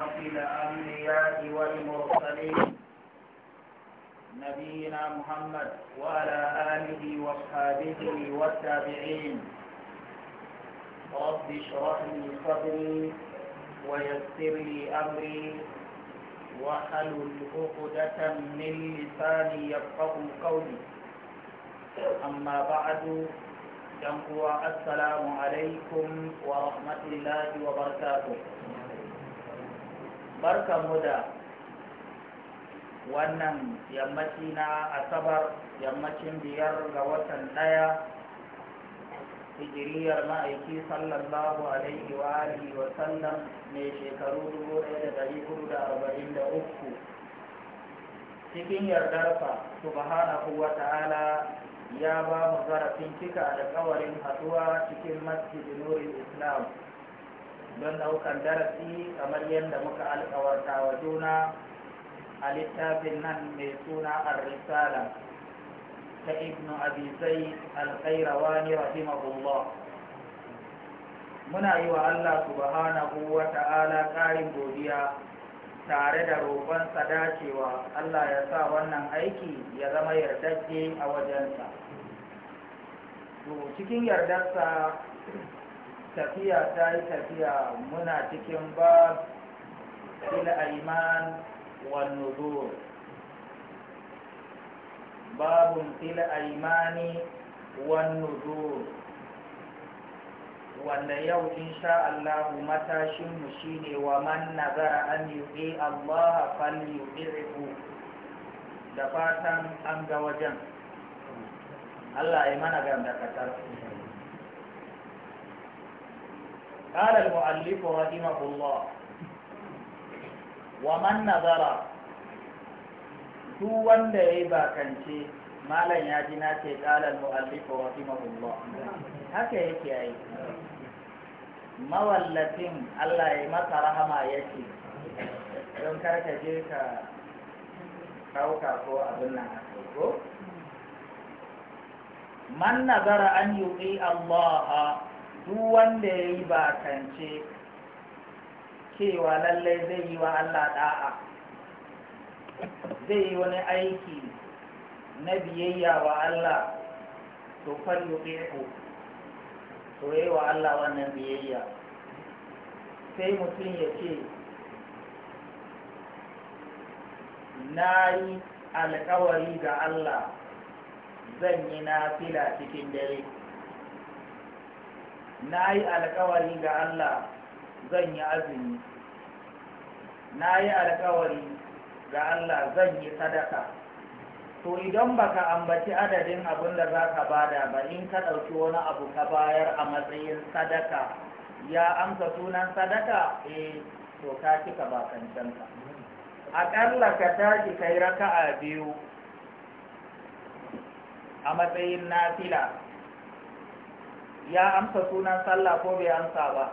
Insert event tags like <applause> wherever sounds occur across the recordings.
الأنبياء والمرسلين نبينا محمد وعلى آله وأصحابه والتابعين رب اشرح لي صدري ويسر لي أمري وحلل عقدة من لساني يفقه قولي أما بعد جنبوا السلام عليكم ورحمة الله وبركاته mu da wannan yammaci na asabar yammacin biyar ga watan Daya, hijiriyar ma'aiki sallallahu alaihi wa alihi wa sallam mai shekaru 1443 cikin yardar fa subhanahu wa ta'ala ya ba mu zarafin cika alkawarin haɗuwa cikin masjid nurul islam don ɗaukar darasi kamar yadda muka alkawarta wa juna a littafin nan mai suna al risala ta ibn abi zayd al-qayrawani rahimahullah muna yi wa Allah subhanahu wa ta'ala karin godiya tare da roƙonsa dacewa Allah ya sa wannan aiki ya zama yardajje a wajensa to cikin yardarsa tafiya ta yi tafiya muna cikin bab aiman wal nuzur babun fil aimani wan nuzur wanda yau insha Allah matashin mu shine wa man nazara an yu'i Allah fal yu'ihu da fatan an ga wajen Allah ya mana gamda katar قال المؤلف رحمه الله ومن نظر duk wanda ya yi bakance malam ya ji na ce ƙalar mu'allifu wa rahimahullah haka yake yi mawallafin Allah ya yi masa rahama ya yake don karka je ka kauka ko abin nan haka ko man nazara an yuqi Allah duk wanda ya yi bakance cewa lallai zai yi wa Allah da'a zai yi wani aiki na biyayya wa Allah to falyuqihu to yi wa Allah wannan biyayya sai mutum ya ce na yi alkawari ga Allah zan yi na fila cikin dare na yi alkawari ga Allah zan yi azumi na yi alkawari ga Allah zan yi sadaka to idan baka ambaci adadin abin da zaka bada ba in ka ɗauki wani abu ka bayar a matsayin sadaka ya amsa sunan sadaka eh to ka cika bakancanka aƙalla ka tashi kai raka'a biyu a matsayin nafila ya amsa sunan sallah ko bai amsa ba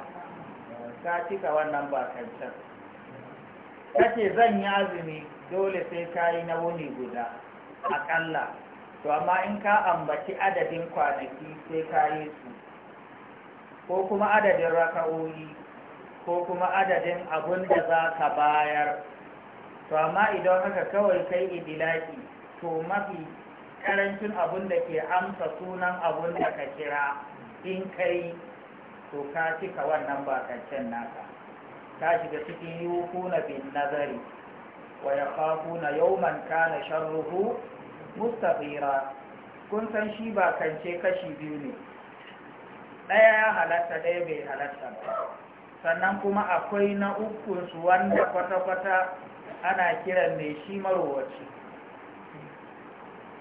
ka cika wannan bakancan kace zan yi azumi dole sai ka yi na wuni guda akalla to amma in ka ambaci adadin kwanaki sai ka yi su ko kuma adadin raka'o'i ko kuma adadin abun da za ka bayar to amma idan haka kawai kai idilaki to mafi karancin abun da ke amsa sunan abun da ka kira in kai to ka cika wannan bakancen naka ka shiga cikin na bin nazari wa yakhafuna yawman kana sharruhu mustafira kun san shi bakance kashi biyu ne ɗaya ya halatta ɗaya bai halatta ba sannan kuma akwai na ukunsu wanda kwata-kwata ana kiran mai shi marowaci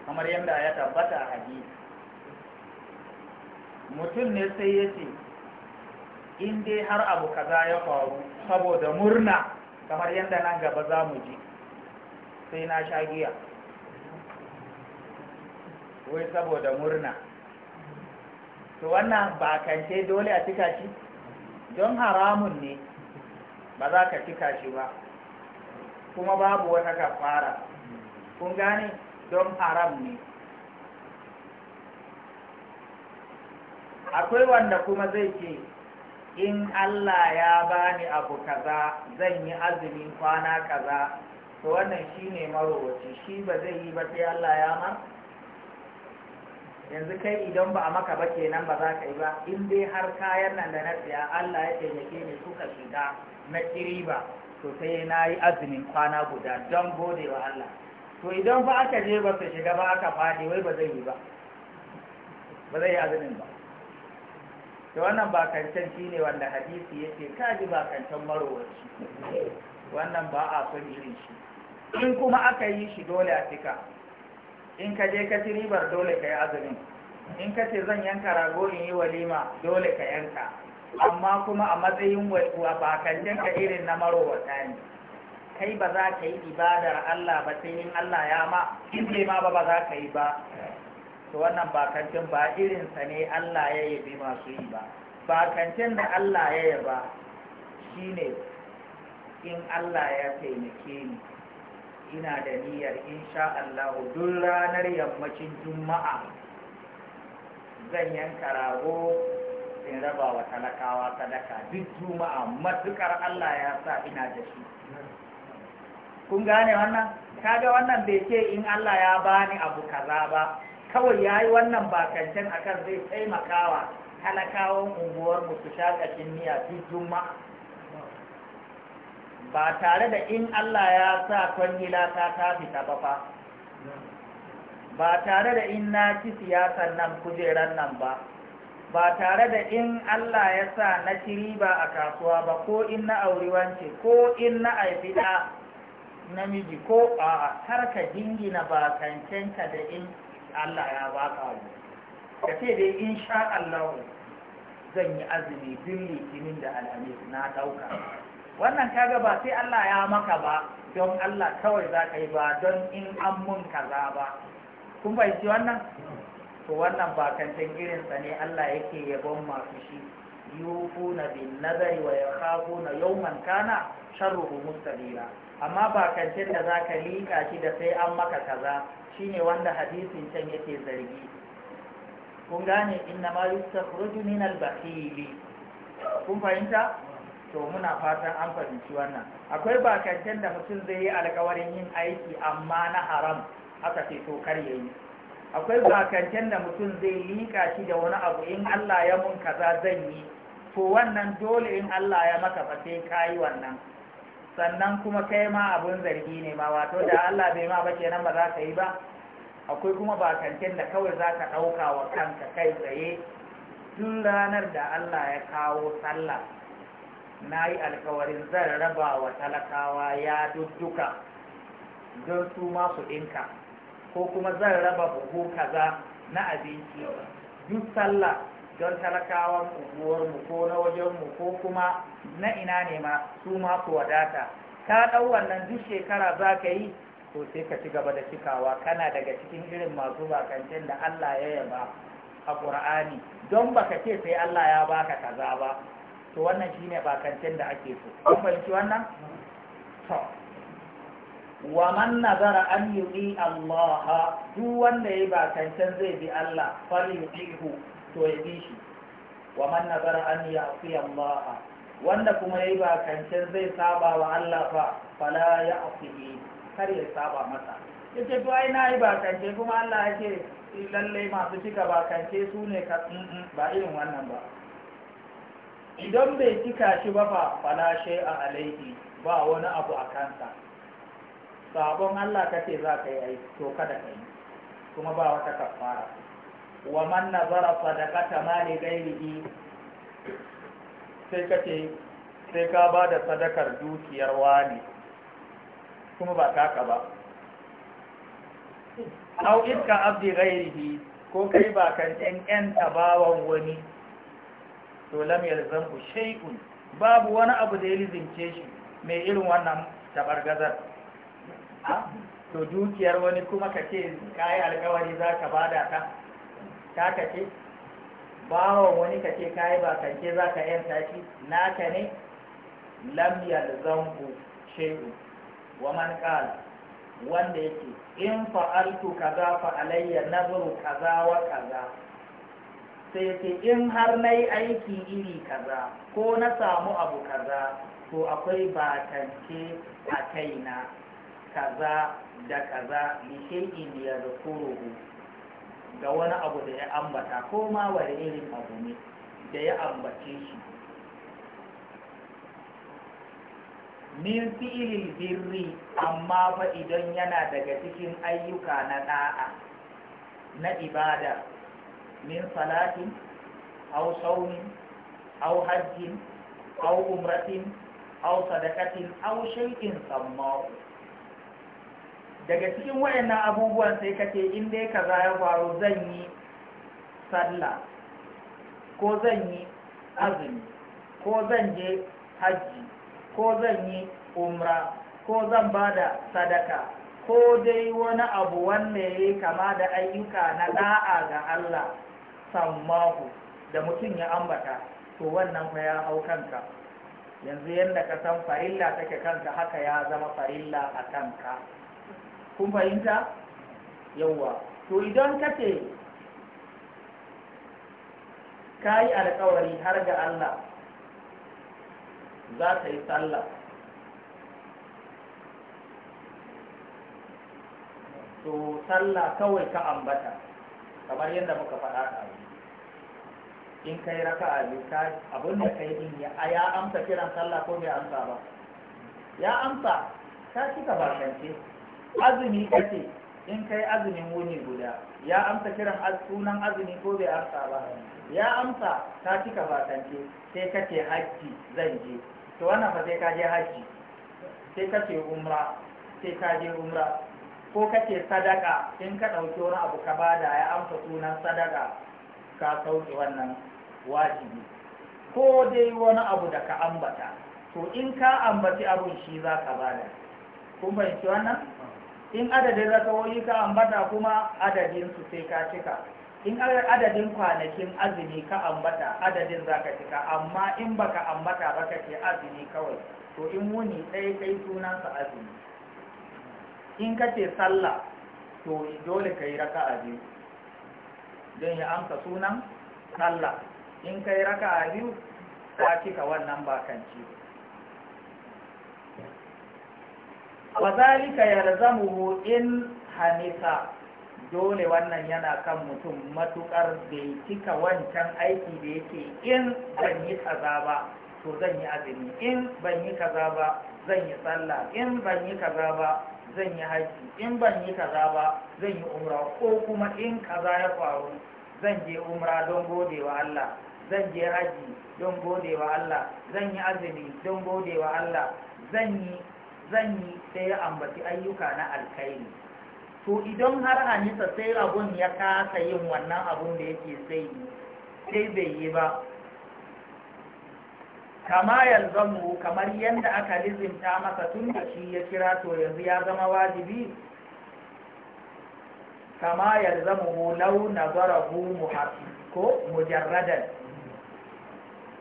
kamar yadda ya tabbata a hadisi mutum ne sai ya ce in dai har abu kaza ya faru saboda murna kamar yadda nan gaba za mu ji sai na sha giya wai saboda murna to wannan ba kance dole a cika shi don haramun ne ba za ka cika shi ba kuma babu wata kafara kun gane don haram ne akwai wanda kuma zai ce in Allah ya bani abu kaza zan yi azumin kwana kaza to wannan shine marowaci shi ba zai yi ba sai Allah ya ma yanzu kai idan ba a maka ba kenan ba za ka yi ba in dai har kayan nan da na siya Allah ya taimake ni suka shiga na ƙiriba to sai na yi azumin kwana guda don gode wa Allah to idan ba aka je ba su shiga ba aka faɗi wai ba zai yi ba ba zai yi azumin ba da wannan bakancan shi ne wanda hadisi ya ce kaji bakancan marowaci wannan ba a son irin shi in kuma aka yi shi dole a cika. in ka je ka ci ribar dole ka yi azumin in ka ce zan yanka rago in yi walima dole ka yanka amma kuma a matsayin bakancan ka irin na marowata ne kai ba za ka yi ibadar Allah ba sai in Allah ya ma in ma ba ba za ka yi ba to wannan bakancin ba irin sa ne Allah ya yabi masu yi ba bakancin da Allah ya yaba shine in Allah ya taimake ni ina da niyyar insha Allah duk ranar yammacin juma'a zan yanka rago in raba wa talakawa sadaka duk juma'a matukar Allah ya sa ina da shi kun gane wannan kaga wannan bai ce in Allah ya bani abu kaza ba kawai ya yi wannan bakancen akan zai taimakawa halakawan unguwar mu su sha ƙashin duk juma'a ba tare da in Allah ya sa kwangila ta ta fita ba fa ba tare da in na ci siyasar nan kujeran nan ba ba tare da in Allah ya sa na ci riba a kasuwa ba ko in na auri wance ko in na aifi namiji ko a… harka ka jingina bakancenka da in Allah ya ba ka mu ka ce dai sha Allah zan yi azumi duk litinin da alhamis na ɗauka wannan kaga ba sai Allah ya maka ba don Allah kawai za ka yi ba don in an mun kaza ba kun bai wannan to wannan ba irin irinsa ne Allah yake yabon masu shi yufuna bin nazari wa yakhafuna yawman kana sharruhu Bira. amma ba kancan da zaka lika shi da sai an maka kaza Shi ne wanda hadisin can yake zargi kun gane inna ma yustakhruju min al-bakhili kun fahimta to muna fatan an fahimci wannan akwai bakantan da mutum zai yi alƙawarin yin aiki amma na haram aka ce to kar yayi akwai bakantan da mutum zai lika shi da wani abu in Allah ya mun kaza zan yi to wannan dole in Allah ya maka fa sai kai wannan sannan kuma kai ma abun zargi ne ma wato da Allah bai ma ba kenan ba za ka yi ba akwai kuma bakantin da kawai za ka ɗauka wa kanka kai tsaye tun ranar da Allah ya kawo sallah na yi alkawarin zan raba wa talakawa ya dudduka don su masu ɗinka ko kuma zan raba buhu kaza na abinci duk sallah don talakawan mu ko na mu ko kuma na ina ne ma su ma ku wadata ka dau wannan duk shekara za ka yi to sai ka ci gaba da cikawa kana daga cikin irin masu bakancin da Allah ya yaba a Qur'ani don baka ce sai Allah ya baka kaza ba to wannan shine bakancin da ake so kun fahimci wannan to wa man nazara an yuti Allah duk wanda yayi bakancin zai bi Allah fa yutihu to ya bi shi wa man nazara an ya'fi Allah wanda kuma yayi ba kancin zai saba wa Allah fa fala ya'fihi kar ya saba masa yace to ai nayi ba kance kuma Allah yake eh, lalle masu cika ba kance su ne ka ba irin wannan ba idan bai cika shi ba fa shay a alaihi ba wani abu a kansa sabon Allah kace za ka yi to kada ka yi kuma ba wata kafara wa man nazara sadaqata mali ghairihi sai kace sai ka ba da sadakar dukiyar wani kuma ba taka ba au iska abdi ghairihi ko kai ba kan ɗan ƴan tabawan wani to lam yalzamu shay'un babu wani abu da ya lizince shi mai irin wannan tabargazar ah, to dukiyar wani kuma kace kai alkawari zaka bada ta ta ce? bawa wani ka ce kayi ba kanke za ka yanta shi naka ne lam yalzamhu shay'u wa man qala wanda yake in fa'altu kaza fa alayya nazru kaza wa kaza sai yake in har nayi aiki iri kaza ko na samu abu kaza to akwai batance a kaina kaza da kaza li shay'in yadhkuruhu Da wani abu da ya ambata ko ma wani irin abu ne da ya ambace shi min fi'ilil birri amma fa idan yana daga cikin ayyuka na da'a na ibada min salatin aw saumin aw hajjin aw umratin aw sadaqatin aw shay'in sammahu daga cikin waɗannan abubuwan sai ka ce in dai kaza ya faru zan yi sallah ko zan yi azumi ko zan je hajji ko zan yi umra ko zan ba da sadaka ko dai wani abu wanda ya kama da ayyuka na da'a ga Allah sammahu da mutum ya ambata to wannan fa ya hau kanka yanzu yadda ka san farilla take kanka haka ya zama farilla a kanka kun fahimta yawwa to idan ka ce ka yi alkawari har ga Allah za ka yi sallah to sallah kawai ka ambata kamar yadda muka faɗa a in ka yi raka a abin da yi din ya ya amsa kiran sallah ko bai amsa ba ya amsa ka cika bakance azumi kace in kai azumin wuni guda ya amsa kiran sunan azumi ko bai amsa ba ya amsa ta cika bakance sai ka ce hajji zan je to wannan fa sai ka je hajji sai kace umra sai ka je umra ko kace sadaka in ka ɗauki wani abu ka bada ya amsa sunan sadaka ka sauke wannan wajibi ko dai wani abu da ka ambata to in ka ambaci abun shi za ka bada kun fahimci wannan in adadin rakawoyi ka ambata kuma adadin su sai ka cika in adadin kwanakin azumi ka ambata adadin za ka cika amma in baka ambata ba ka ce azumi kawai to in wuni ɗaya kai sunansa azumi in ka ce sallah to dole ka yi raka a biyu don ya amsa sunan sallah in ka yi raka a biyu ka cika wannan bakanci wa zalika yalzamuhu in hanisa dole wannan yana kan mutum matukar bai cika wancan aiki da yake in ban yi kaza ba to zan yi azumi in ban yi kaza ba zan yi sallah in ban yi kaza ba zan yi haji in ban yi kaza ba zan yi umra ko kuma in kaza ya faru zan je umra don gode Allah zan je haji don gode Allah zan yi azumi don gode Allah zan yi zan yi sai ya ambaci ayyuka na alkhairi to idan har hanisa sai abun ya kasa yin wannan abun da yake sai sai bai yi ba kama yalzamu kamar yadda aka lizimta masa tun da shi ya kira to yanzu ya zama wajibi kama launa lau mu hafi ko mujarradan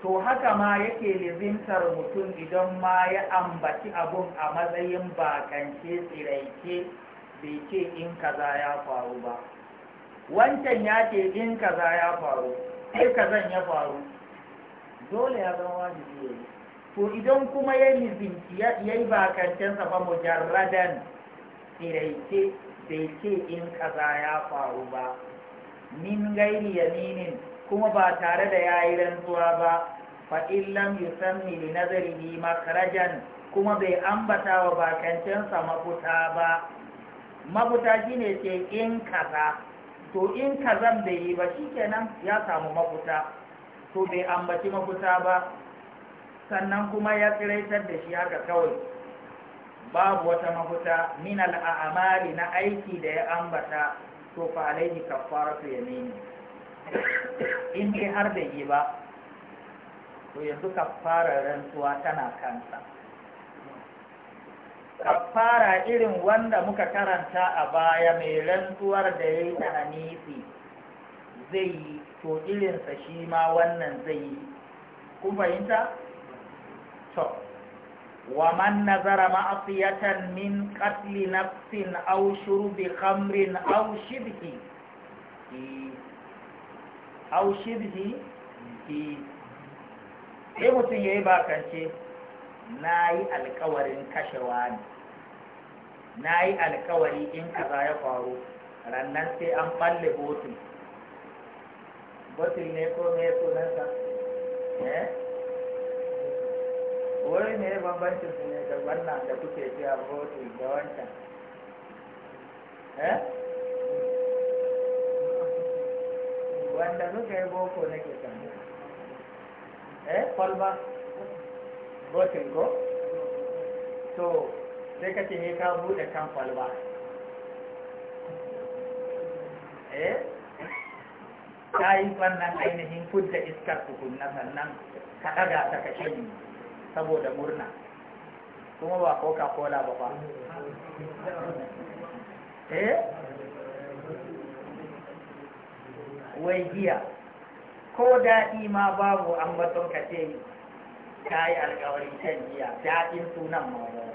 to haka ma yake lizintar mutum idan ma ya ambaci abun a matsayin bakance tsiraice bai ce in kaza ya faru ba wancan ya ce in kaza ya faru sai kazan ya faru dole ya zama wajibi ya yi to idan kuma ya lizinci ya yi bakancensa ba mujarradan tsiraice bai ce in kaza ya faru ba min gairi yaminin kuma ba tare da ya yi rantsuwa ba fa'illam yusammi li bi makarajan kuma bai ambata wa bakancensa mafuta ba mafuta shi ce in kaza to in kazan bai yi ba shi kenan ya samu mafuta to bai ambaci mafuta ba sannan kuma ya tsiraitar da shi haka kawai babu wata mafuta min al'amari na aiki da ya ambata to fa alaihi kaffaratu yamini in har bai yi ba to yanzu ka fara rantsuwa tana kansa Ka fara irin wanda muka karanta a baya mai rantsuwar da ya yi zai yi to irinsa shi ma wannan zai yi kun fahimta? to wa man nazara ma'asiyatan min qatli nafsin aw shurbi khamrin aw shibhi au shibhi fi sai mutum ya yi bakance na yi alkawarin kashewa ne na yi alkawari in kaza ya faru rannan sai an balle botul botul ne ko me sunansa eh wai ne bambancin su ne da wannan da kuke cewa botul da wancan eh wanda suka yi boko ke tambaya eh kwalba botin ko to sai ka ce ka bude kan kwalba eh ta yi wannan ainihin fudda iskar tukunna sannan ka ɗaga ta kashe shanye saboda murna kuma ba coca cola ba ba eh wai giya ko daɗi ma babu an batun ka ce ta yi alkawarin shan giya daɗin sunan mawa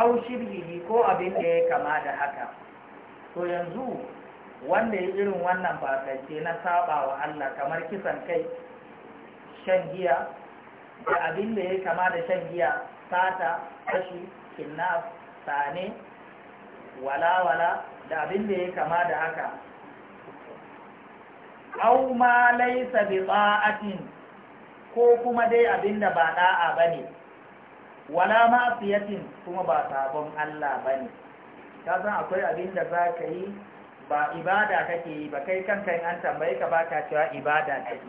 au shirhihi ko abin da ya kama da haka to yanzu wanda ya irin wannan bakance na saba wa Allah kamar kisan kai shan giya da abin da ya kama da shan giya sata kashi kinnaf sane walawala da abin da ya kama da haka au ma laisa bi ta'atin ko kuma dai abinda ba da'a bane wala ma'siyatin kuma ba sabon Allah bane ka akwai abinda zaka yi ba ibada kake yi ba kai kanka in an tambaye ka baka cewa ibada kake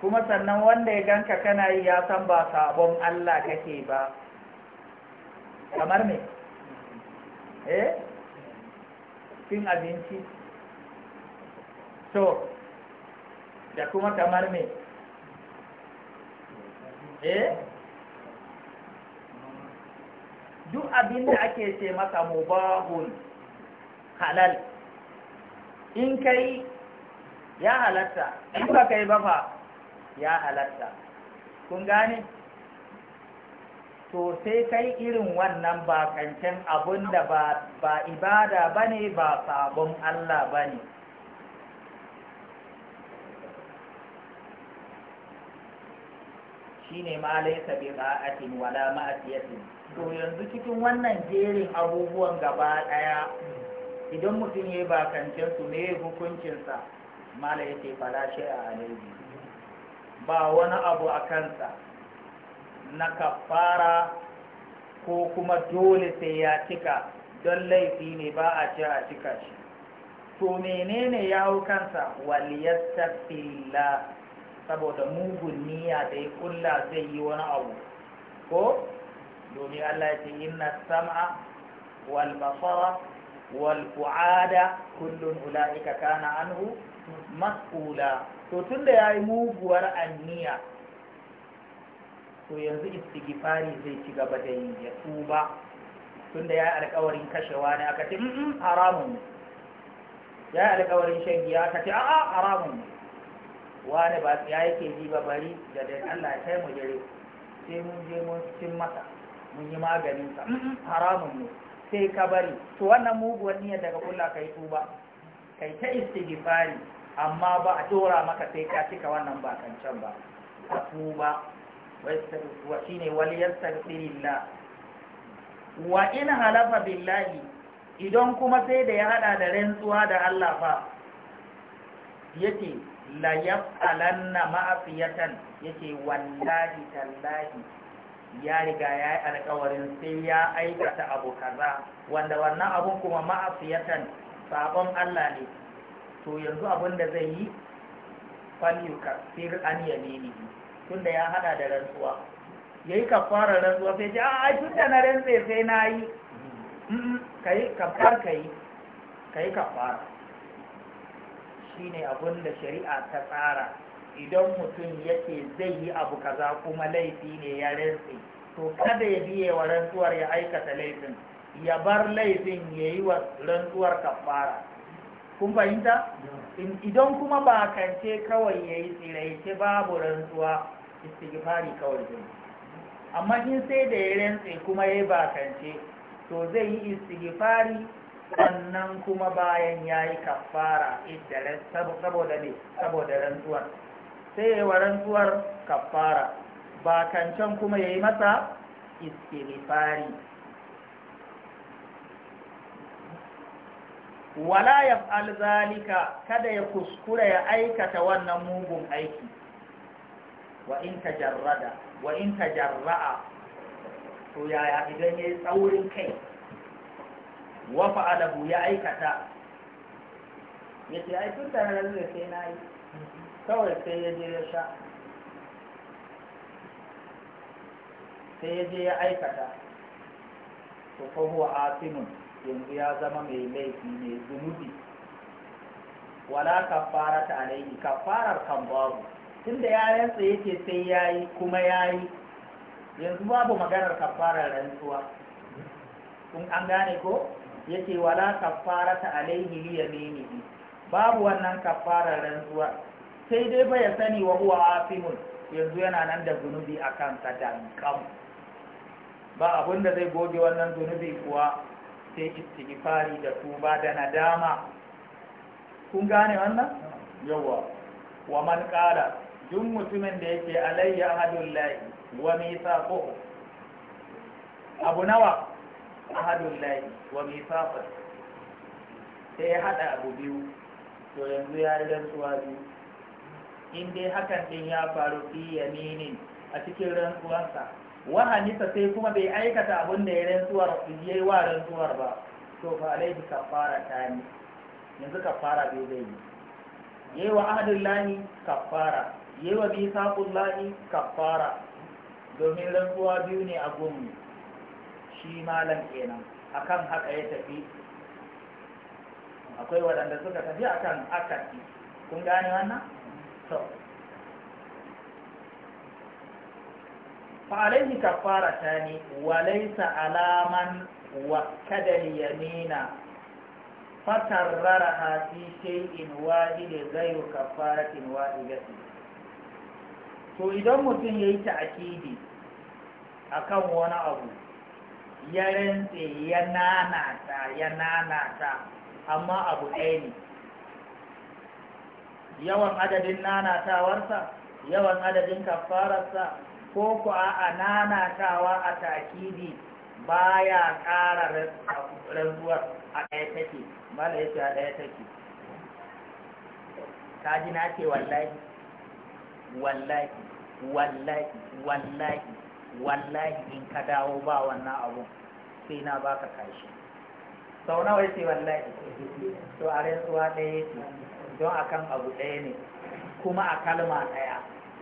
kuma sannan wanda ya ganka kana yi ya san ba sabon Allah kake ba kamar me eh kin abinci to da kuma kamar me eh duk abin da ake ce masa mubahun halal in kai ya halatta in ba kai ba fa ya halatta kun gane to sai kai irin wannan bakancen abun da ba ibada bane ba sabon Allah bane shine ma laisa bi ra'atin wala ma'asiyatin to yanzu cikin wannan jerin abubuwan gaba daya idan mutum ya kancin su ne hukuncin sa mala yace fala a alaihi ba wani abu a kansa na kafara ko kuma dole sai ya cika don laifi ne ba a ce a cika shi to menene ya hau kansa waliyastafillah saboda mugun niyya da ya kulla zai yi wani abu ko domin Allah ya ce inna sam'a wal basara wal fu'ada kullun ula'ika kana anhu mas'ula to tunda yayi muguwar anniya to yanzu istighfari zai ci gaba da yi ya tuba tunda yayi alƙawarin kashewa ne aka ce haramun yayi alƙawarin shan giya aka ce a'a haramun ne wani ba ya yake ji ba bari da dai Allah ya kai mu jere sai mun je mun cin masa mun yi maganin sa haramun ne sai ka bari to wannan muguwar niyyar daga kulla kai tuba kai ta istighfari amma ba a dora maka sai ka cika wannan bakancan ba ka tuba wa shine wal yastaghfirillah wa in halafa billahi idan kuma sai da ya hada da rantsuwa da Allah fa yace la al'anna ma'afiyatan yake wallahi tallahi ya riga ya yi alkawarin sai ya aikata abu kaza wanda wannan abun kuma ma'afiyatan sabon Allah ne to yanzu abun da zai yi falyukaffir an yaminihi tunda ya hada da rantsuwa yayi kafara rantsuwa sai ce a tunda na rantsa sai na yi kai kafar kai kai kafara shine abin da shari'a ta tsara idan mutum yake zai yi abu kaza kuma laifi ne ya rantsi to kada ya biye wa rantsuwar ya aikata laifin ya bar laifin ya yi wa rantsuwar kafara kun fahimta idan kuma ba kance kawai ya yi tsiraice babu rantsuwa istighfari kawai zai amma in sai da ya rantse kuma ya yi kance to zai yi istighfari sannan kuma bayan ya yi kafara saboda saboda rantsuwar sai yi wa rantsuwar kafara ba kancan kuma ya yi masa iskilifari wala ya alzalika kada ya kuskura ya aikata wannan mugun aiki wa in tajarrada wa to yaya idan ya yi tsaurin kai wa alahu ya aikata ya ce ai tun tare da sai na yi kawai sai ya je ya sha sai ya je ya aikata to fa huwa asimun yanzu ya zama mai laifi mai zunubi wala kafara ta alaihi kafarar kan babu tunda ya rantsa yake sai yayi kuma yayi yanzu babu maganar kafarar rantsuwa kun an gane ko yake wala ta alaihi li yaminihi babu wannan kafarar rantsuwa sai dai ba ya sani wa huwa afimun yanzu yana nan da zunubi a kansa dankam ba abin zai goge wannan zunubi kuwa sai istighfari da tuba da nadama kun gane wannan yawa wa man qala duk mutumin da yake alayya ahadullahi wa mithaqo abu nawa ahadun layi wa mifafar sai ya haɗa abu biyu to yanzu ya yi rantsuwa biyu in dai hakan ɗin ya faru fi yaminin a cikin rantsuwarsa wahanisa sai kuma bai aikata abin da ya rantsuwar ya yi wa rantsuwar ba to fa alaihi kafara ta ne yanzu kafara biyu zai yi yayi wa ahadun lahi kafara yayi wa bisaqul lahi kafara domin rantsuwa biyu ne a gomu shi malam kenan akan haka ya tafi akwai waɗanda suka tafi akan akati kun gane wannan to. so falaihi kafara ta ne walaisa alaman wa kadar yamina fatarrara hafi shay'in wahi da zayu kafaratin wahi gasi to idan mutum ya yi ta akidi akan wani abu ya rantse ya nanata ya nanata amma abu ɗaya ne yawan adadin nanatawarsa yawan adadin kafararsa ko ku a nanatawa a takidi baya kara rantsuwar a ɗaya take mala yace a ɗaya take ka ji na ce wallahi wallahi wallahi wallahi wallahi in ka dawo ba wannan abun sai na baka kashi sau nawa yace wallahi to a rantsuwa ɗaya ce don akan abu ɗaya ne kuma a kalma ɗaya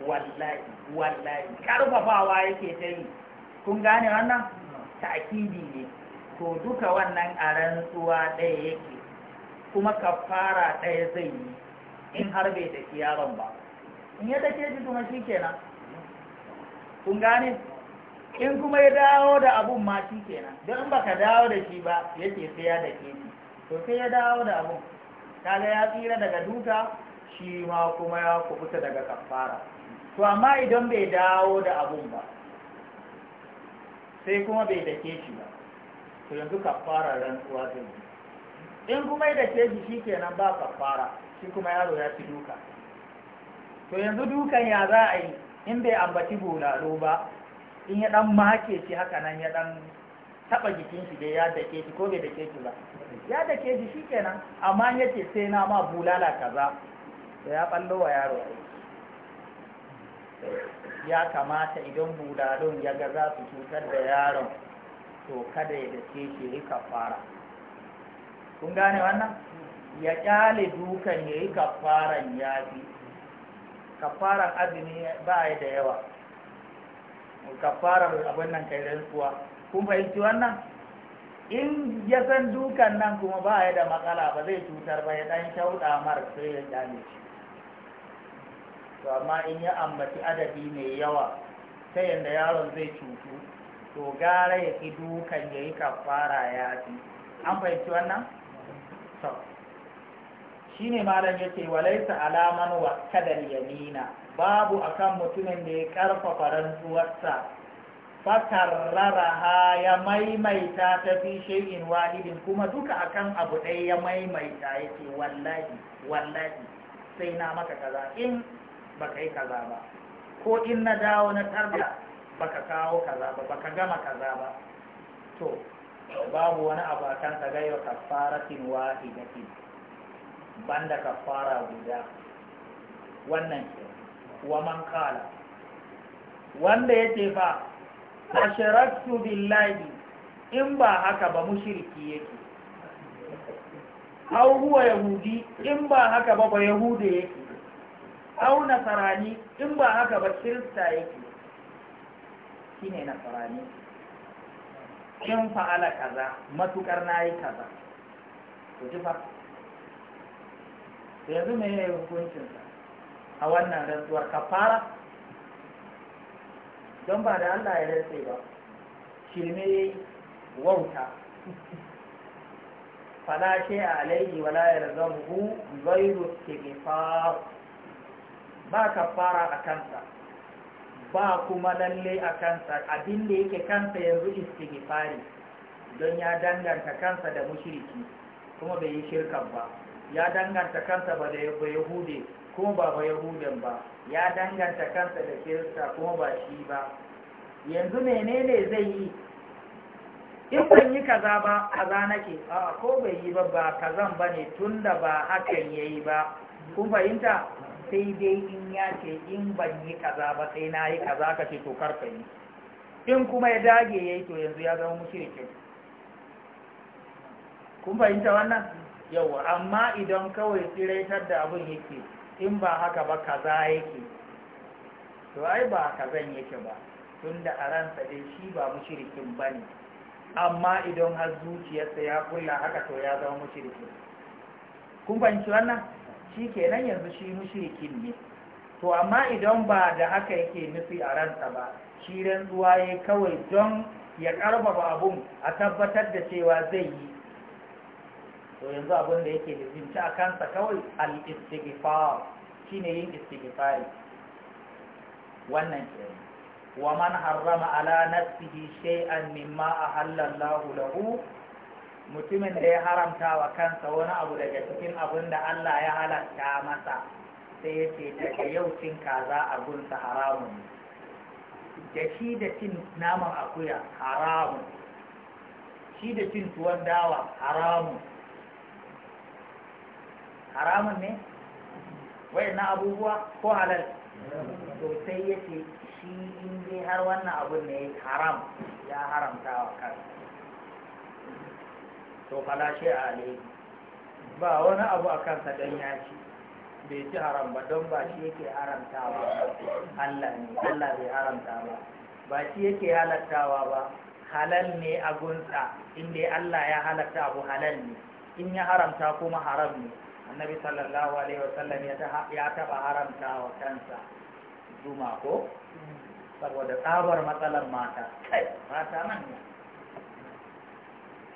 wallahi wallahi karfafawa yake ta yi kun gane wannan ta'kidi ne to duka wannan a rantsuwa ɗaya yake kuma kafara ɗaya zai yi in har bai da yaron ba in ya take shi kuma kenan kun gane in kuma ya dawo da abun ma shi kenan don in baka dawo da shi ba ya ce sai ya da ke shi to sai ya dawo da abun kaga ya tsira daga duka shi ma kuma ya kubuta daga kafara to amma idan bai dawo da abun ba sai kuma bai dake shi ba to yanzu kafara rantsuwa zai in kuma ya dake shi shi kenan ba kafara shi kuma yaro ya ci duka to yanzu dukan ya za a yi in bai ambaci bulalo ba in ya dan make shi haka nan ya dan taba jikin shi da ya dake shi ko bai dake shi ba ya dake shi shikenan amma ya sai na ma bulala kaza to ya ballo wa yaro ya kamata idan bulalun ya ga za su cutar da yaron to kada ya dake shi rika fara kun gane wannan ya kyale dukan ya yi kafaran yafi kafaran azumi ba ya da yawa kafara abin nan kai kuwa, kun fahimci wannan in ya san dukan nan kuma ba ya da matsala ba zai cutar ba ya dan shauɗa mara sai ya dame shi to amma in ya ambaci adadi mai yawa ta yadda yaron zai cutu to gara ya ki dukan ya yi kafara ya fi an fahimci wannan? shi ne malam ya ce walaisa alaman wa kadar yamina babu akan mutumin da ya karfafa rantsuwarsa fakarraraha ya maimaita ta fi shay'in wahidin kuma duka akan abu ɗaya ya maimaita ya ce wallahi wallahi sai na maka kaza in baka yi kaza ba ko in na dawo na tarda baka kawo kaza ba baka gama kaza ba to babu wani abu kan ta gaiwa kafaratin wahidatin banda kafara guda wannan kenan wa man qala wanda ce fa asharaktu billahi in ba haka ba mushriki yake au huwa yahudi in ba haka ba ba yahude yake au nasarani in ba haka ba kirista yake shine nasarani in fa'ala kaza matukar nayi kaza ku ji fa yanzu me hukuncinsa a wannan rantsuwar kafara don ba da Allah ya rantse ba shirme wauta fala ce a alaihi wala ya razamu ke faru? ba kafara a kansa ba kuma lalle a kansa abin da yake kansa yanzu istighfari don ya danganta kansa da mushriki kuma bai yi shirkan ba ya danganta kansa ba da yahude kuma ba ba yahudan ba ya danganta kansa da kirista kuma ba shi ba yanzu menene zai yi in ban yi kaza ba kaza nake a ko bai yi ba ba kazan ba ne tun ba hakan ya yi ba kun fahimta sai dai in ya ce in ban yi kaza ba sai na yi kaza ka ce to ka yi in kuma ya dage ya yi to yanzu ya zama mushrikin kun fahimta wannan yawa amma idan kawai tsiraitar da abin yake in ba haka ba kaza yake to ai ba kazan yake ba tunda a ransa dai shi ba mushrikin bane amma idan har zuciyarsa ya kulla haka to ya zama mushriki kun fahimci wannan shi kenan yanzu shi mushrikin ne to amma idan ba da haka yake nufi a ransa ba shi rantsuwa ya kawai don ya karfafa abun a tabbatar da cewa zai yi to yanzu abin da yake lizinci a kansa kawai al-istighfar shine yin istighfari wannan kenan wa man harrama ala nafsihi shay'an mimma ahalla Allah lahu mutumin da ya haramta wa kansa wani abu daga cikin abin da Allah ya halatta masa sai ya ce daga yau cin kaza a gunsa haramun da shi da cin naman akuya haramun shi da cin tuwon dawa haramun haramun ne na abubuwa ko halal to sai ya ce shi in dai har wannan abun ne haram ya haramta wa kan to shi a alaihi ba wani abu a kansa don ya ci bai ci haram ba don ba shi yake haramta ba Allah ne Allah bai haramta ba ba shi yake halattawa ba halal ne a gunsa inda Allah ya halatta abu halal ne in ya haramta kuma haram ne annabi sallallahu alaihi wasallam ya taɓa haramta wa kansa zuma ko saboda tsabar matsalar mata kai mata manya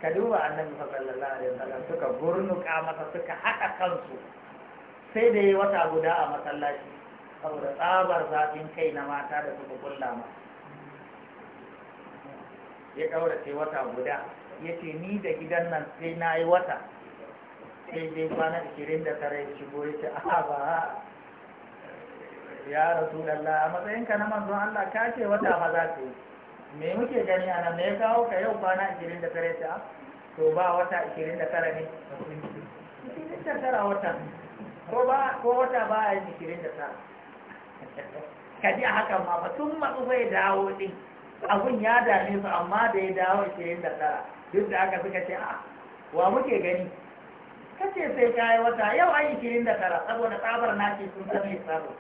ka duba annabi sallallahu alaihi wasallam suka gurnuka masa suka haɗa kansu sai da yi wata guda a masallaci saboda tsabar zafin kai na mata da suka kulla masa ya ɗaura ce wata guda ya ce ni da gidan nan sai na yi wata daidai kwana 29 ya shigo ya ce a ba ya rasu lalla a matsayinka na manzon Allah ka ce wata maza ce me muke gani a nan me ya kawo ka yau kwana 29 ya ce ah, to ba wata 29 ne 29 wata ko ba ko wata ba da yi 29 ji a hakan ma batun tun matsu bai dawo din abun ya dame su amma da ya dawo 29 duk da aka suka ce a ah, wa muke gani kace sai ka wata yau ai ishirin da tara saboda tsabar na ce sun san lissafin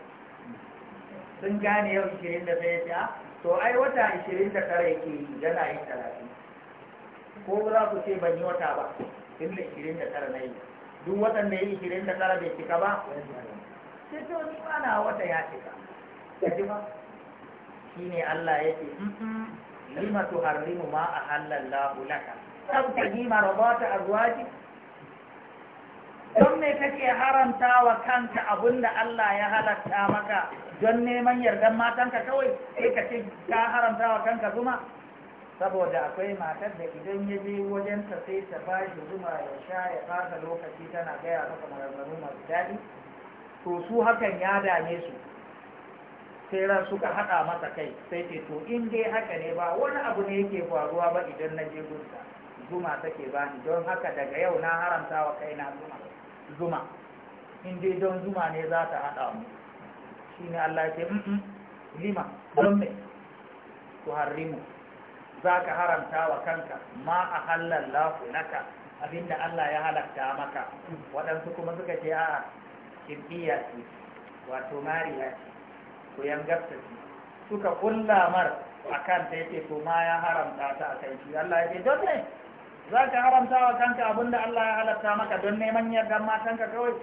sun gane yau ishirin da ɗaya ta ah, to ai wata ishirin da tara yake yi yana yin talatin ko za ku ce ban yi wata ba tun da ishirin da tara na yi duk watan da ya yi ishirin da tara bai cika ba sai to ni ba na wata ya cika Ka ji ba shi ne Allah ya ce lima tuharrimu ma a halallahu laka tabtahi marabata azwajik don me kake haramta wa kanka abin da Allah ya halatta maka don neman yardan matanka kawai sai ka ce ka haramta wa kanka zuma saboda akwai matar da idan ya je wajenta sai ta ba shi zuma ya sha ya fasa lokaci tana gaya maka maganganu masu daɗi to su hakan ya dame su sai ran suka haɗa masa kai sai ce to in dai haka ne ba wani abu ne yake faruwa ba idan na je gunta zuma take bani don haka daga yau na haramta wa kaina zuma zuma in dai don zuma ne za ta haɗa mu shi ne Allah ya ce lima don me ku harrimu za ka haramta wa kanka ma a hallar hallallahu naka abinda Allah ya halatta maka waɗansu kuma suka ce a kimiyya ce wato mariya ce ku yangarta ce suka kulla mar a kan ta yake to ma ya haramta ta a kai shi Allah ya ce don me. za ka haramta wa kanka da Allah ya halatta maka don neman yardan matanka kawai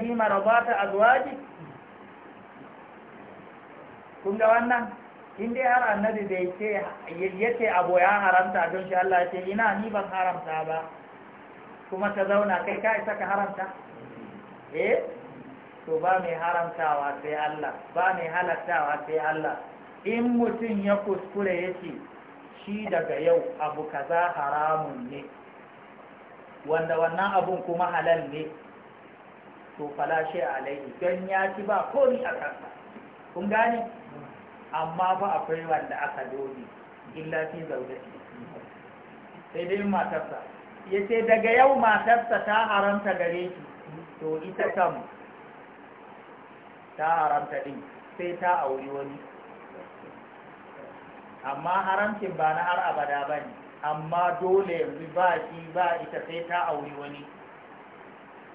bi marabata azwaji kun ga wannan in dai har annabi bai ce yace abu ya haramta don shi Allah ya ce ina ni ban haramta ba kuma ta zauna kai ka isa ka haramta eh to ba mai haramtawa sai Allah ba mai halattawa sai Allah in mutum ya kuskure yace shi daga yau abu kaza haramun ne wanda wannan abun kuma halal ne to falashe alaihi don ya ci ba komi a kansa kun gane amma ba akwai wanda aka dole illa fi zaudati sai dai matarsa ya ce daga yau matarsa ta haramta gare shi to ita kam ta haramta din sai ta auri wani amma haramcin ba na har abada ba ne amma dole yanzu ba shi ba ita sai ta auri wani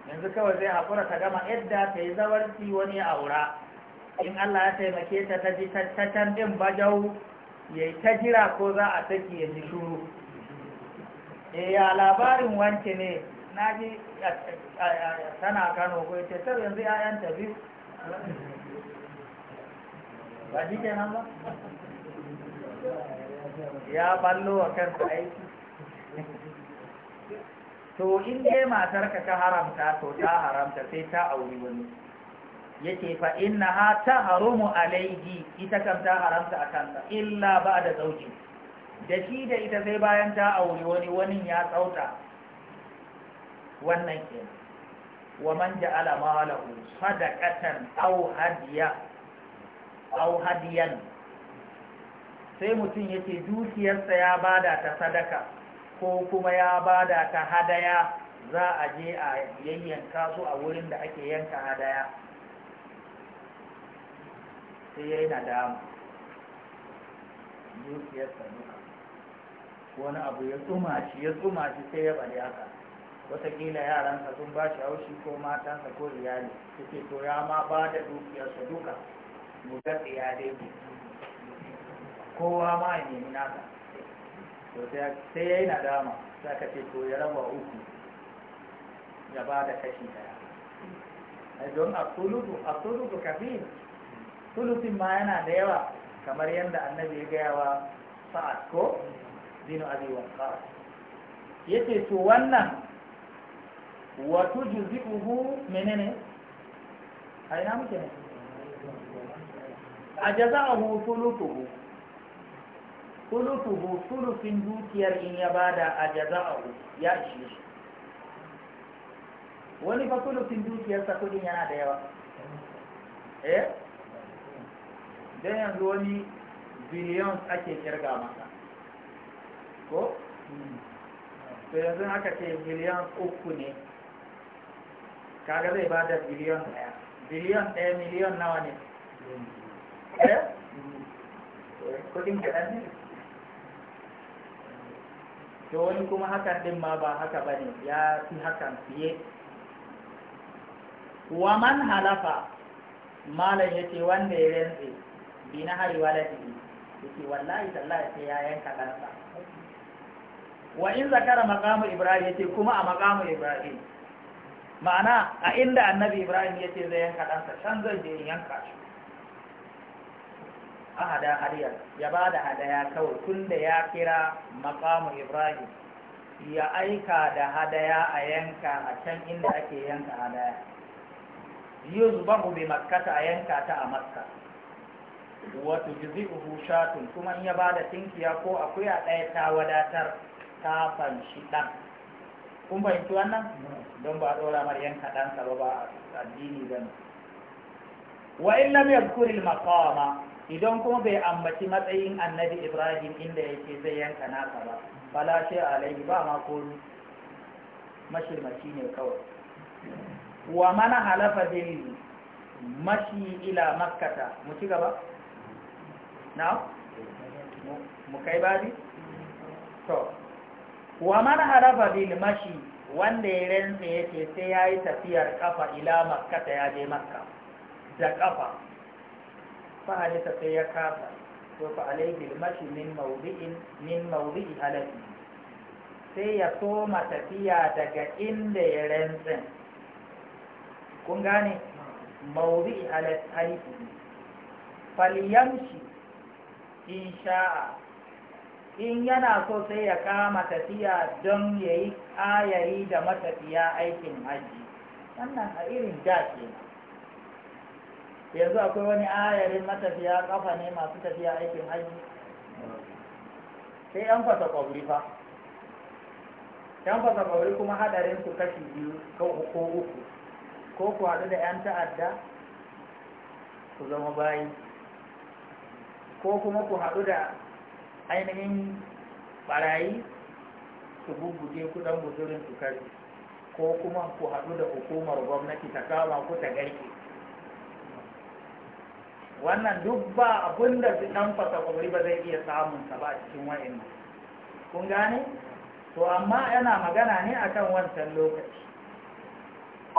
yanzu kawai zai haƙura ta gama yadda ta yi zawarci wani aura in Allah ya taimake ta ta ji tattatan ɗin bajau ya ta jira ko za a saki ya ji shuru e ya labarin wance ne na ji tana kano ko ita yanzu 'ya'yanta biyu ba shi kenan ba ya ballo wa kansa aiki to in dai matarka ta haramta to ta haramta sai ta auri wani yake fa inna ha ta harumu alaihi ita kan ta haramta a kansa illa ba da zauji da shi da ita sai bayan ta auri wani wani ya tsauta wannan ke wa man ja'ala malahu sadaqatan aw hadiya aw hadiyan sai mutum yake dukiyarsa ya bada ta sadaka ko kuma ya bada ta hadaya za a je a yayyanka su a wurin da ake yanka hadaya sai ya yi nadama dukiyarsa duka wani abu ya tsuma ya tsuma sai ya bari haka watakila yaransa sun ba shi haushi ko matansa ko iyali suke to ya ma ba da dukiyarsa duka mu ga iyalai kowa ma ya nemi nasa to sai ya yi nadama za ka ce to ya raba uku ya ba da kashi daya don a sulutu a sulutu kafin sulutun ma yana da yawa kamar yadda annabi ya gaya wa sa'ad ko dinu wanka. Ya ce, to wannan wa tujzi'uhu menene ina muke ne a jaza'ahu thuluthuhu sulutuhu sulutun dukiyar in ya bada a jaza'ahu ya ishe wani fa sulutun dukiyarsa kudin yana da yawa eh dan yanzu wani billions ake kirga masa ko to yanzu ce biliyan uku ne kaga zai to wani kuma hakan din ma ba haka ba ne ya fi hakan fiye wa man halafa malam ya ce wanda ya rantse bi na hari waladihi ya ce wallahi tallahi sai ya yanka ɗansa wa in zakara maqamu ibrahim ya ce kuma a maqamu ibrahim ma'ana a inda annabi ibrahim ya ce zai yanka ɗansa can zai je yanka shi a hada hadiyar ya ba da hadaya kawai tun da ya kira makamu ibrahim ya aika da hadaya a yanka a can inda ake yanka hadaya yuzbahu bi makkata a yanka ta a makka wa tujzi'uhu shatun kuma in ya ba da tinkiya ko a ɗaya ta wadatar ta shi ɗan kun fahimci wannan don ba a ɗora mar yanka ɗansa ba ba addini ba ne wa in lam yadhkuril maqama idan kuma bai ambaci matsayin annabi ibrahim inda yake zai yanka nasa ba bala shi alaihi ba ma ko mashirmaci ne kawai wa mana halafa bil mashi ila makkata mu ci gaba na mu kai babi to wa mana halafa bil mashi wanda ya rantsa yake sai yayi tafiyar kafa ila makkata ya je makka da kafa sai ya فهلك سيكاف وفعليه المشي من موضع min موضع هلكه sai ya soma tafiya daga inda ya rantsin kun gane mawuri halittu falyamshi in sha'a in yana so sai ya kama tafiya don ya yi ayayi da matafiya aikin hajji wannan a irin da kenan yanzu akwai wani ayarin matafiya kafa ne masu tafiya aikin haji sai yan fasa kwabri fa yan fasa kwabri kuma hadarin su kashi biyu ko uku ko ku haɗu da yan ta'adda ku zama bayi ko kuma ku haɗu da ainihin barayi su bubbuge kudan buzurin su kashi ko kuma ku haɗu da hukumar gwamnati ta kama ku ta garke wannan duk ba abin da ɗan fasa kwamri ba zai iya samun sa ba a cikin wa'in kun gane to amma yana magana ne akan wancan lokaci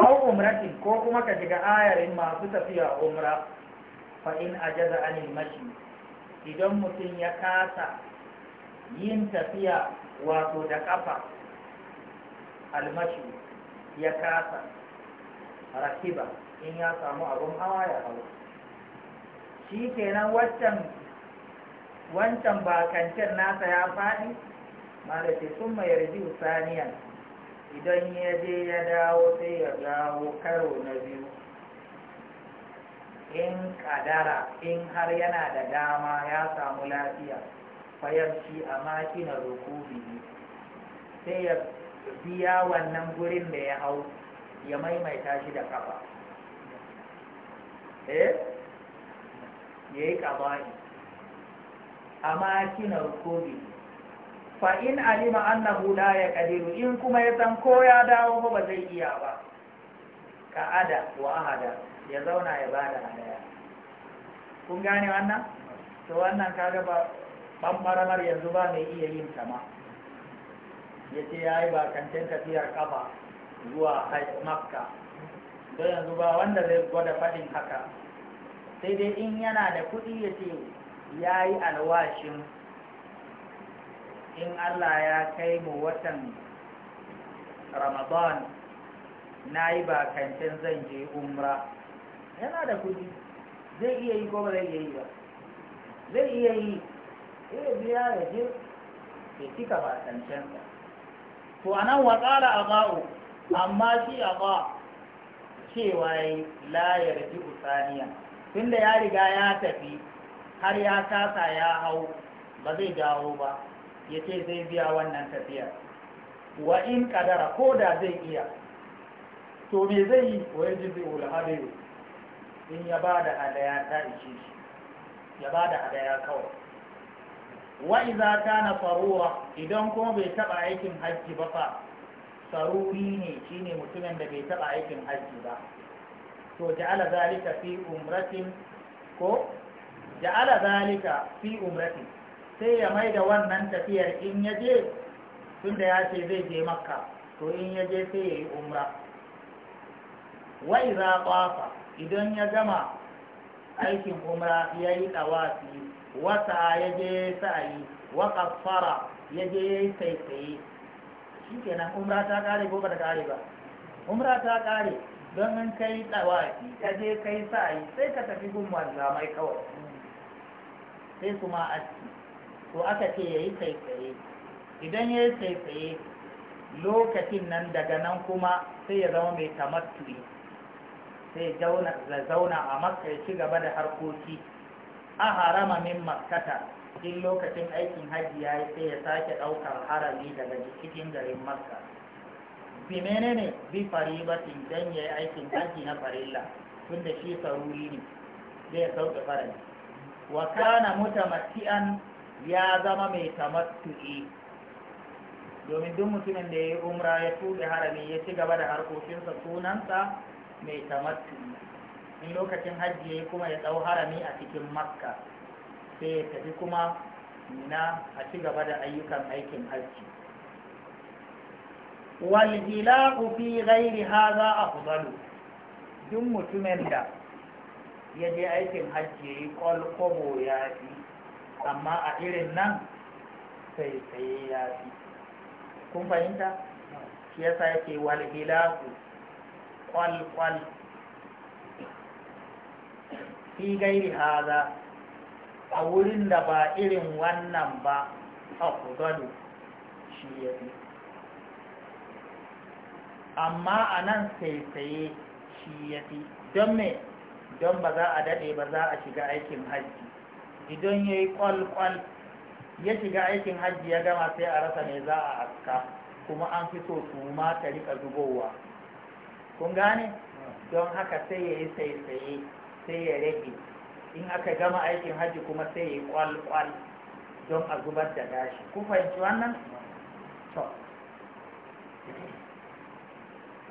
ko umratin ko kuma ka shiga ayarin masu tafiya umra fa in ajaza anil mashi idan mutum ya kasa yin tafiya wato da kafa almashi ya kasa rakiba in ya samu abun hawa ya hawa shi kenan waccan wancan bakancin nasa ya faɗi ce sun mai yarji saniyan idan ya je ya dawo sai ya dawo karo na biyu in kadara in har yana da dama ya samu lafiya fayarci a makinar rukubi sai ya biya wannan gurin da ya hau ya maimaita shi da kafa eh ya yi ƙaba'i a makinar Fa in alima annahu la ya ƙadiru in kuma ya san ko ya dawo ba zai iya ba ka'ada wa ahada ya zauna ya ba da hadaya kun gane wannan? to wannan kaga ba ɓanɓaramar yanzu ba mai iya yin sama ya ce ya yi bakantin tafiyar kafa zuwa makka don yanzu ba wanda zai gwada faɗin haka sai dai in yana da kuɗi ya ce ya yi alwashin in Allah ya kai mu watan ramadan na yi bakancin zan je umra yana da kuɗi zai iya yi ko zai iya yi ba zai iya yi iya biya ya je ya cika ba to a nan watsara a ba'u amma shi a ba cewa ya yi layar ji usaniya tunda ya riga ya tafi har ya kasa ya hau ba zai dawo ba ya ce zai biya wannan tafiyar wa in kadara ko da zai iya to me zai yi wa yaji bi ulhadiru in ya ba da hadaya ta ishe shi ya ba da hadaya kawai wa iza kana faruwa idan kuma bai taba aikin hajji ba fa saruri ne shine mutumin da bai taɓa aikin hajji ba to ja'ala zalika fi umratin ko ja'ala zalika fi umratin sai ya mai da wannan tafiyar in ya je tun da ya ce zai je makka to in ya je sai ya yi umra wa iza ƙwafa idan ya gama aikin umra ya yi tawafi wata ya je sa'ayi wa ƙasfara ya je ya yi saisaye shi kenan umra ta ƙare ko ba ta ƙare ba umra ta ƙare don in kai ɗawafi ka je kai sa'ayi sai ka tafi gun mai kawai sai kuma a ciki to aka ce ya yi tsaye idan ya yi tsaye lokacin nan daga nan kuma sai ya zama mai tamattu'i sai ya zauna a makka ya ci gaba da harkoki a harama min makkata in lokacin aikin hajji ya yi sai ya sake ɗaukar harami daga cikin garin makka bi menene bi faribati dan yayi aikin haji na farilla tunda shi saruri ne ya sauke farali wa kana mutamatti'an ya zama mai tamattu'i domin duk mutumin da ya umra ya tuɗe harami ya ci gaba da harkokinsa sunansa mai tamattu'i in lokacin hajji ya kuma ya ɗau harami a cikin makka sai ya tafi kuma ina a ci gaba da ayyukan aikin hajji والهلاك في غير هذا أفضل duk mutumin da ya je aikin hajji ya yi kwalkwabo ya fi amma a irin nan sai sai ya fi kun fahimta shi yasa yake walhilaku kwalkwal fi gairi haza a wurin da ba irin wannan ba a shi ya fi amma a nan saisaye shi ya fi don me don ba za a daɗe ba za a shiga aikin hajji idan ya yi kwal-kwal ya shiga aikin hajji ya gama sai a rasa mai za a aska kuma an fi so su ma ta rika zubowa kun gane don haka sai ya yi saisaye sai ya rage in aka gama aikin hajji kuma sai ya yi kwal-kwal don a zubar da gashi ku fahimci wannan? to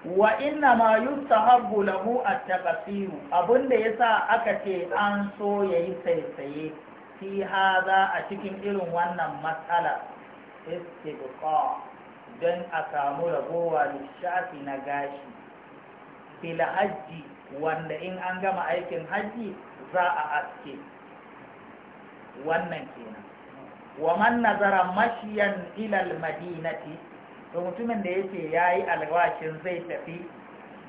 wa inna ma yustahabbu lahu at-taqsir abinda yasa aka ce an so yayi saisaye fi hada a cikin irin wannan matsala istibqa dan a samu ragowa shafi na gashi fil hajji wanda in an gama aikin hajji za a aske wannan kenan wa man nazara mashiyan ila al-madinati to mutumin da yake yayi alwashin zai tafi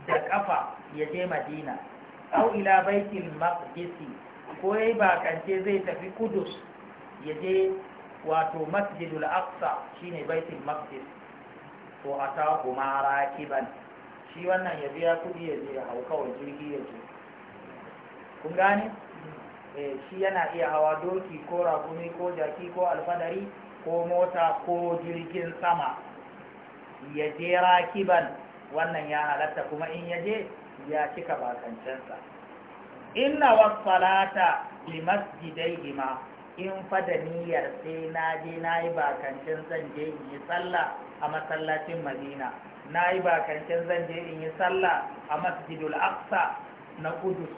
da kafa ya je madina au ila baitil maqdis ko yayi kance zai tafi kudus ya je wato masjidul aqsa shine baitil maqdis to ata kuma rakiban shi wannan ya biya kudi ya je hau kawai jirgi ya je kun gane eh, shi yana iya hawa doki ko rabuni ko jaki ko alfadari ko mota ko jirgin sama ya je rakiban wannan ya halatta kuma in ya je ya cika bakancensa inna wasalata li ma. in fada niyyar sai na je na yi bakancin zan je in yi sallah a masallacin madina na yi bakancin zan je in yi sallah a masjidul aqsa na kudus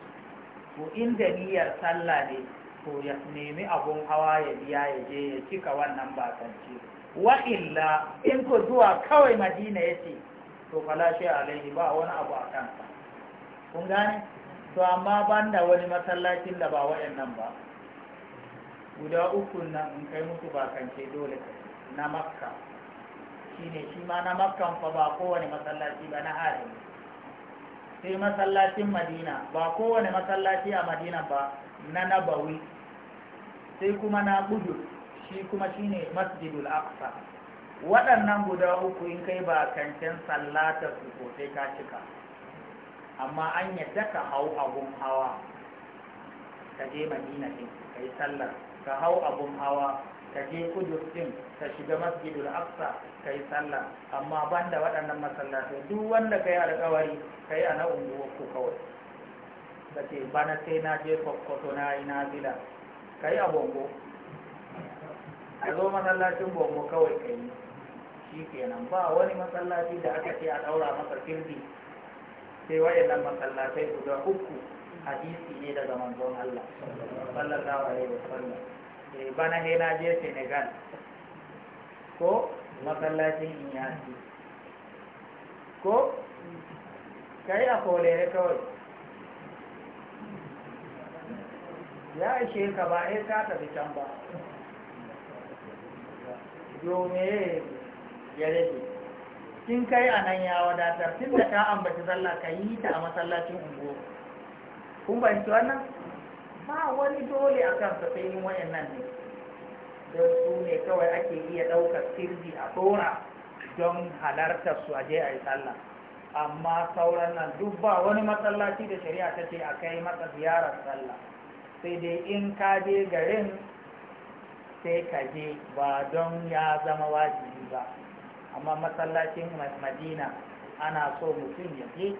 to inda niyyar sallah ne to ya nemi abun hawa ya biya ya je ya cika wannan bakancin wa illa in ko zuwa kawai madina yace to fala shi alaihi ba wani abu a kansa kun gane to amma banda wani masallacin da ba wayannan ba guda uku nan in kai musu kance dole na makka Shi ne shi ma na makkan fa ba kowane masallaci ba na harin sai masallacin madina ba kowane masallaci a madina ba na nabawi sai kuma na budur shi kuma shine masjidul aqsa waɗannan guda uku in kai ba kantin sallatar su ko sai ka cika amma an yadda ka hau abun hawa ka je madina din ka yi sallar ka hau abun hawa ka je kudus ɗin ka shiga masjidul aqsa ka yi sallar amma banda waɗannan masallatai duk wanda ka yi alƙawari ka yi a na unguwarku kawai ka bana sai na je kwakwato na yi nazila ka yi a a zo masallacin bongo kawai ka yi shi kenan ba wani masallaci da aka ce a ɗaura masa kirki sai wayannan masallatai guda uku hadisi ne daga manzon Allah sallallahu alaihi wasallam eh bana he na je Senegal ko masallacin Inyasi ko kai a kolere kawai ya ishe ka ba ai ka tafi can ba yome ya rage kin kai a nan ya wadatar tun da ta ambaci sallah ka yi ta a masallacin ungo kun ba banci wannan ba wani dole a kan sa sai wayan nan ne don su ne kawai ake iya ɗaukar sirri a tsora don halartar su a je a yi tsalla. amma sauran nan duk ba wani masallaci da shari'a ta ce a kai masa ziyarar sallah sai dai in ka je garin sai ka je ba don ya zama wajibi ba amma masallacin madina ana so mutum ya je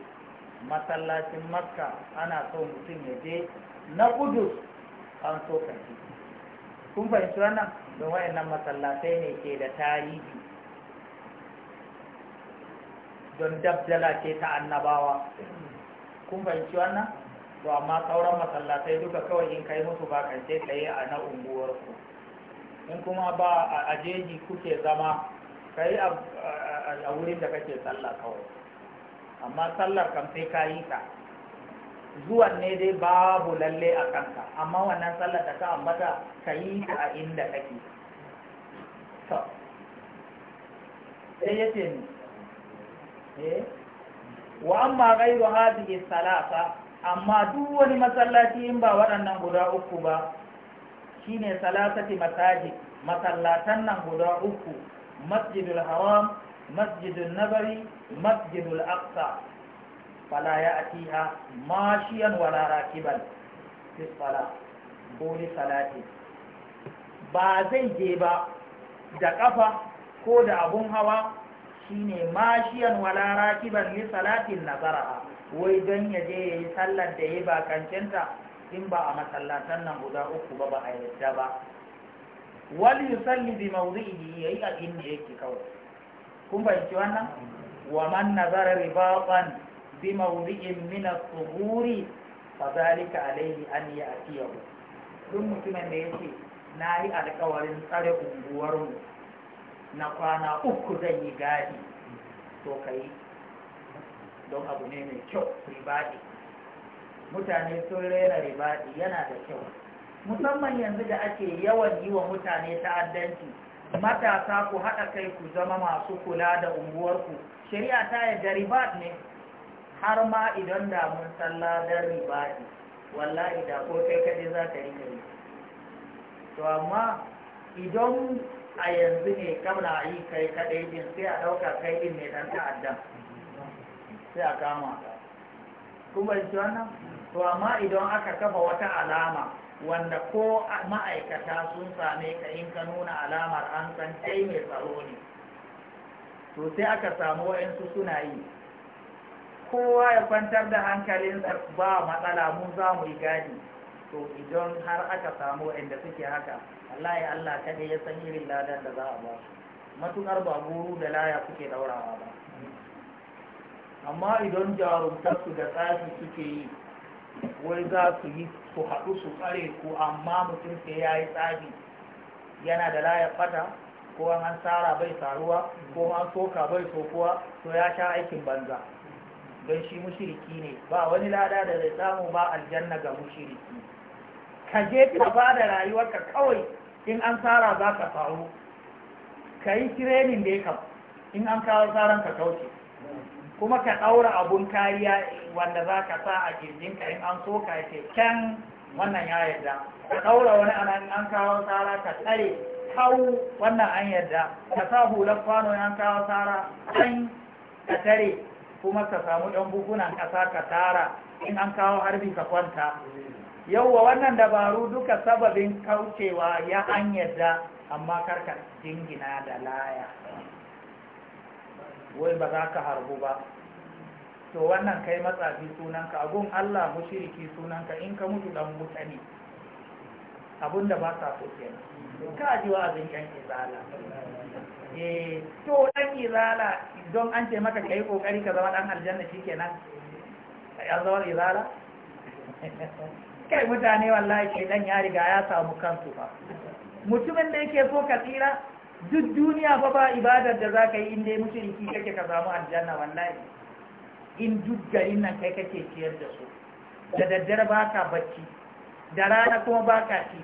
masallacin makka ana so mutum ya je na kudus an so ka je kun fahimci wannan don wayannan masallatai ne ke da tarihi don dabdala ce ta annabawa kun fahimci wannan to amma sauran masallatai duka kawai in kai musu bakance tsaye a na unguwarku in kuma ba a jeji kuke zama ka yi a wurin da kake sallah kawai amma sallar kan sai ka yi ta zuwan ne dai babu lalle a kanka amma wannan sallar da ka ambata ka yi ta a inda kake to sai yace ni eh wa amma ghayru hadhihi salasa amma duk wani masallaci in ba waɗannan guda uku ba shine salasati masajid masallatan nan guda uku masjidul haram masjidul nabari masjidul aqsa fala atiha mashiyan wala rakiban fi sala boli salati ba zai je ba da kafa ko da abun hawa shine mashiyan wala rakiban li salatin nazara wai don ya je yayi sallar da ya bakancinta in ba a masallatan nan guda uku ba ba a yadda ba wal yusalli bi ya yayi a inda yake kawai kun yake wannan wa man nazara ribatan bi mawdi'in min as-suhuri fa zalika alayhi an ya'tiyahu duk mutumin da yake na yi alkawarin tsare unguwarmu na kwana uku zan yi gadi to kai don abu ne mai kyau ribadi mutane sun rera ribaɗi yana da kyau musamman yanzu da ake yawan yi wa mutane ta'addanci matasa ku haɗa kai ku zama masu kula da unguwarku shari'a ta yadda ribaɗ ne har ma idan da mun salla don ribaɗi wallahi da ko kai kaɗai za ka yi gari to amma idan a yanzu ne kamar a yi kai kaɗai din sai a ɗauka kai din ne ɗan ta'adda sai a kama ka kuma ji wannan to amma idan aka kafa wata alama wanda ko ma'aikata sun same ka in ka nuna alamar an san kai mai tsaro ne to sai aka samu wayansu suna yi kowa ya kwantar da hankalinsa ba matsala mun za mu yi gadi to idan har aka samu inda suke haka wallahi Allah kada ya san irin ladan da za a ba su matukar ba guru da laya suke daurawa ba amma idan jarumtar su da tsafi suke yi wai za su yi su haɗu su ƙare ko amma mutum sai ya yi tsari yana da layar fata ko an tsara bai faruwa ko an soka bai sokuwa to ya sha aikin banza don shi mushiriki ne ba wani lada da zai samu ba aljanna ga mushiriki ka je ka ba da rayuwarka kawai in an tsara za ka faru ka yi tirenin da ya in an kawo tsaron ka kauce kuma ka ɗaura abun kariya wanda za ka sa a jirgin ka in an soka ka ce can wannan ya yarda ka ɗaura wani an kawo tsara ka tsare kawo wannan an yarda ka sa hular kwano an kawo tsara can ka tare kuma ka samu ɗan bukunan ƙasa ka tara in an kawo harbi ka kwanta Yau wa wannan dabaru duka sababin kaucewa ya an yarda amma karka jingina da laya wai ba za ka harbu ba to wannan kai matsafi sunanka agun Allah mushriki sunanka in ka mutu dan mutane. ne abinda ba sa so kenan ka ji wa azin yan izala eh to dan izala don an ce maka kai kokari ka zama dan aljanna shikenan ya zama izala <laughs> kai mutane wallahi dan ya riga ya samu kansu ba mutumin da yake so ka tsira duk duniya fa ba ibadar da za ka yi inda ya mushriki kake ka samu aljanna wallahi in duk garin nan kai kake ciyar da su da daddare ba ka bacci da rana kuma ba ka ci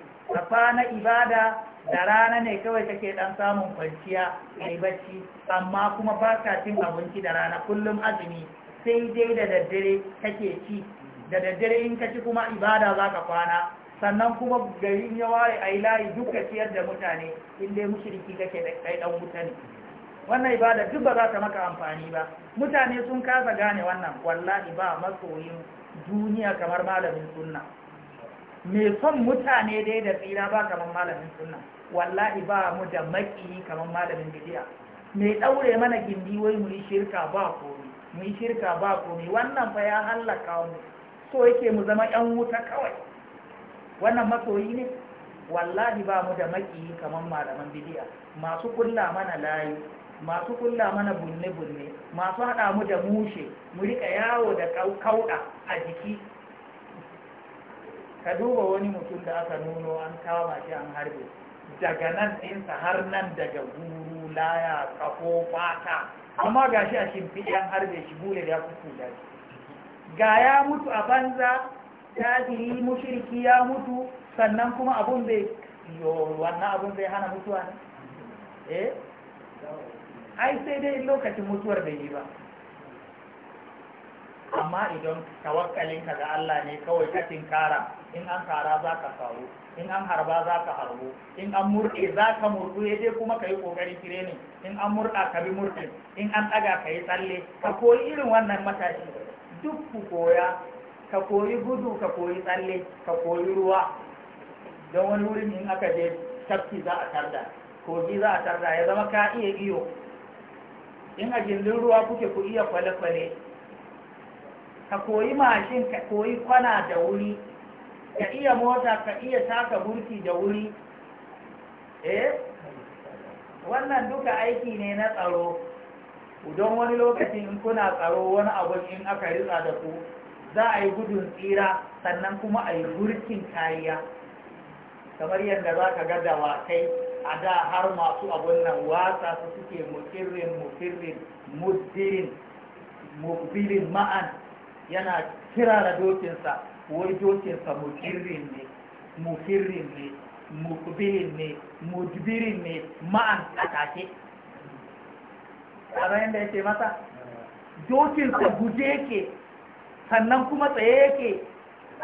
ka na ibada da rana ne kawai kake dan samun kwanciya mai bacci amma kuma ba ka cin abinci da rana kullum azumi sai dai da daddare kake ci da daddare in ka ci kuma ibada za ka kwana sannan kuma garin ya ware a ilayi duka ciyar da mutane inda mushiriki kake kai dan wuta ne wannan ibada duk ba za ta maka amfani ba mutane sun kasa gane wannan wallahi ba masoyin duniya kamar malamin sunna Me son mutane dai da tsira ba kamar malamin sunna wallahi ba mu da maki kamar malamin bidiya Me daure mana gindi wai mu shirka ba komai mu shirka ba komai wannan fa ya hallaka mu so yake mu zama yan wuta kawai wannan masoyi ne wallahi ba mu da maki kamar malaman bidiya masu kulla mana layi masu kulla mana bunne-bunne masu haɗa mu da mushe mu rika yawo da kauda a jiki ka duba wani mutum da aka nuno an kama shi an harbe daga nan ɗinsa har nan daga guru laya kafo fata amma ga shi a shimfiɗi an harbe shi bule ya kuku da ga ya mutu a banza kafiri mushriki ya mutu sannan kuma abun bai, yo wannan abun bai hana mutuwa ne eh ai sai dai lokacin mutuwar bai yi ba amma idan ka ga Allah ne kawai ka tinkara in an kara za ka kawo in an harba za ka harbo in an murɗe za ka murɗu ya dai kuma ka yi ƙoƙari kire ne in an murɗa ka bi murɗin in an ɗaga ka yi tsalle ka koyi irin wannan matashi duk ku koya ka koyi gudu ka koyi tsalle ka koyi ruwa don wani wurin in aka je tafki za a tarda kogi za a tarda ya zama ka iya iyo in a gindin ruwa kuke ku iya kwale-kwale ka koyi mashin ka koyi kwana da wuri ka iya mota ka iya taka burki da wuri eh wannan duka aiki ne na tsaro don wani lokacin in kuna tsaro wani abu in aka ritsa da ku za a yi gudun tsira sannan kuma a yi gurkin kariya kamar yadda za ka ga dawakai a da har masu abun nan wasa su suke mutirin mutirin mutirin mutirin ma'an yana kira da dokinsa wai dokinsa mutirin ne mutirin ne mutirin ne mutirin ne ma'an atake a bayan da yake masa eh. dokinsa guje ke sannan kuma tsaye yake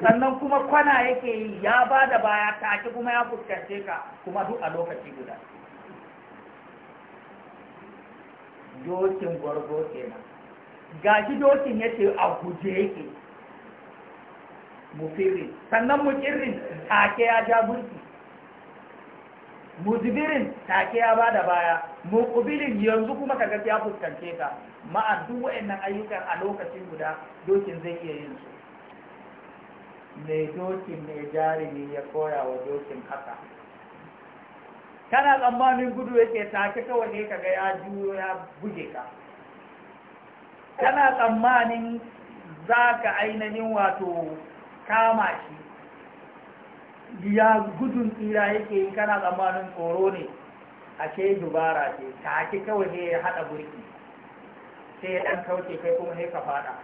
sannan kuma kwana yake ya ba da baya take kuma ya fuskance ka kuma duk a lokaci guda dokin gwargo kenan gashi dokin yace a guje yake mufirin sannan mukirin take ya ja mulki mujibirin take ya ba da baya mukubilin yanzu kuma kaga ya fuskance ka ma'a duk waɗannan ayyukan a lokacin guda dokin zai iya yin su ne dokin jari ne ya koya wa dokin haka kana tsammanin gudu yake take kawai ne kaga ya juyo ya buge ka kana tsammanin za ka ainihin wato kama shi ya gudun tsira yake yi kana tsammanin tsoro ne a ce dubara ce take kawai ne ya haɗa burki sai ya ɗan kauce kai kuma sai ka faɗa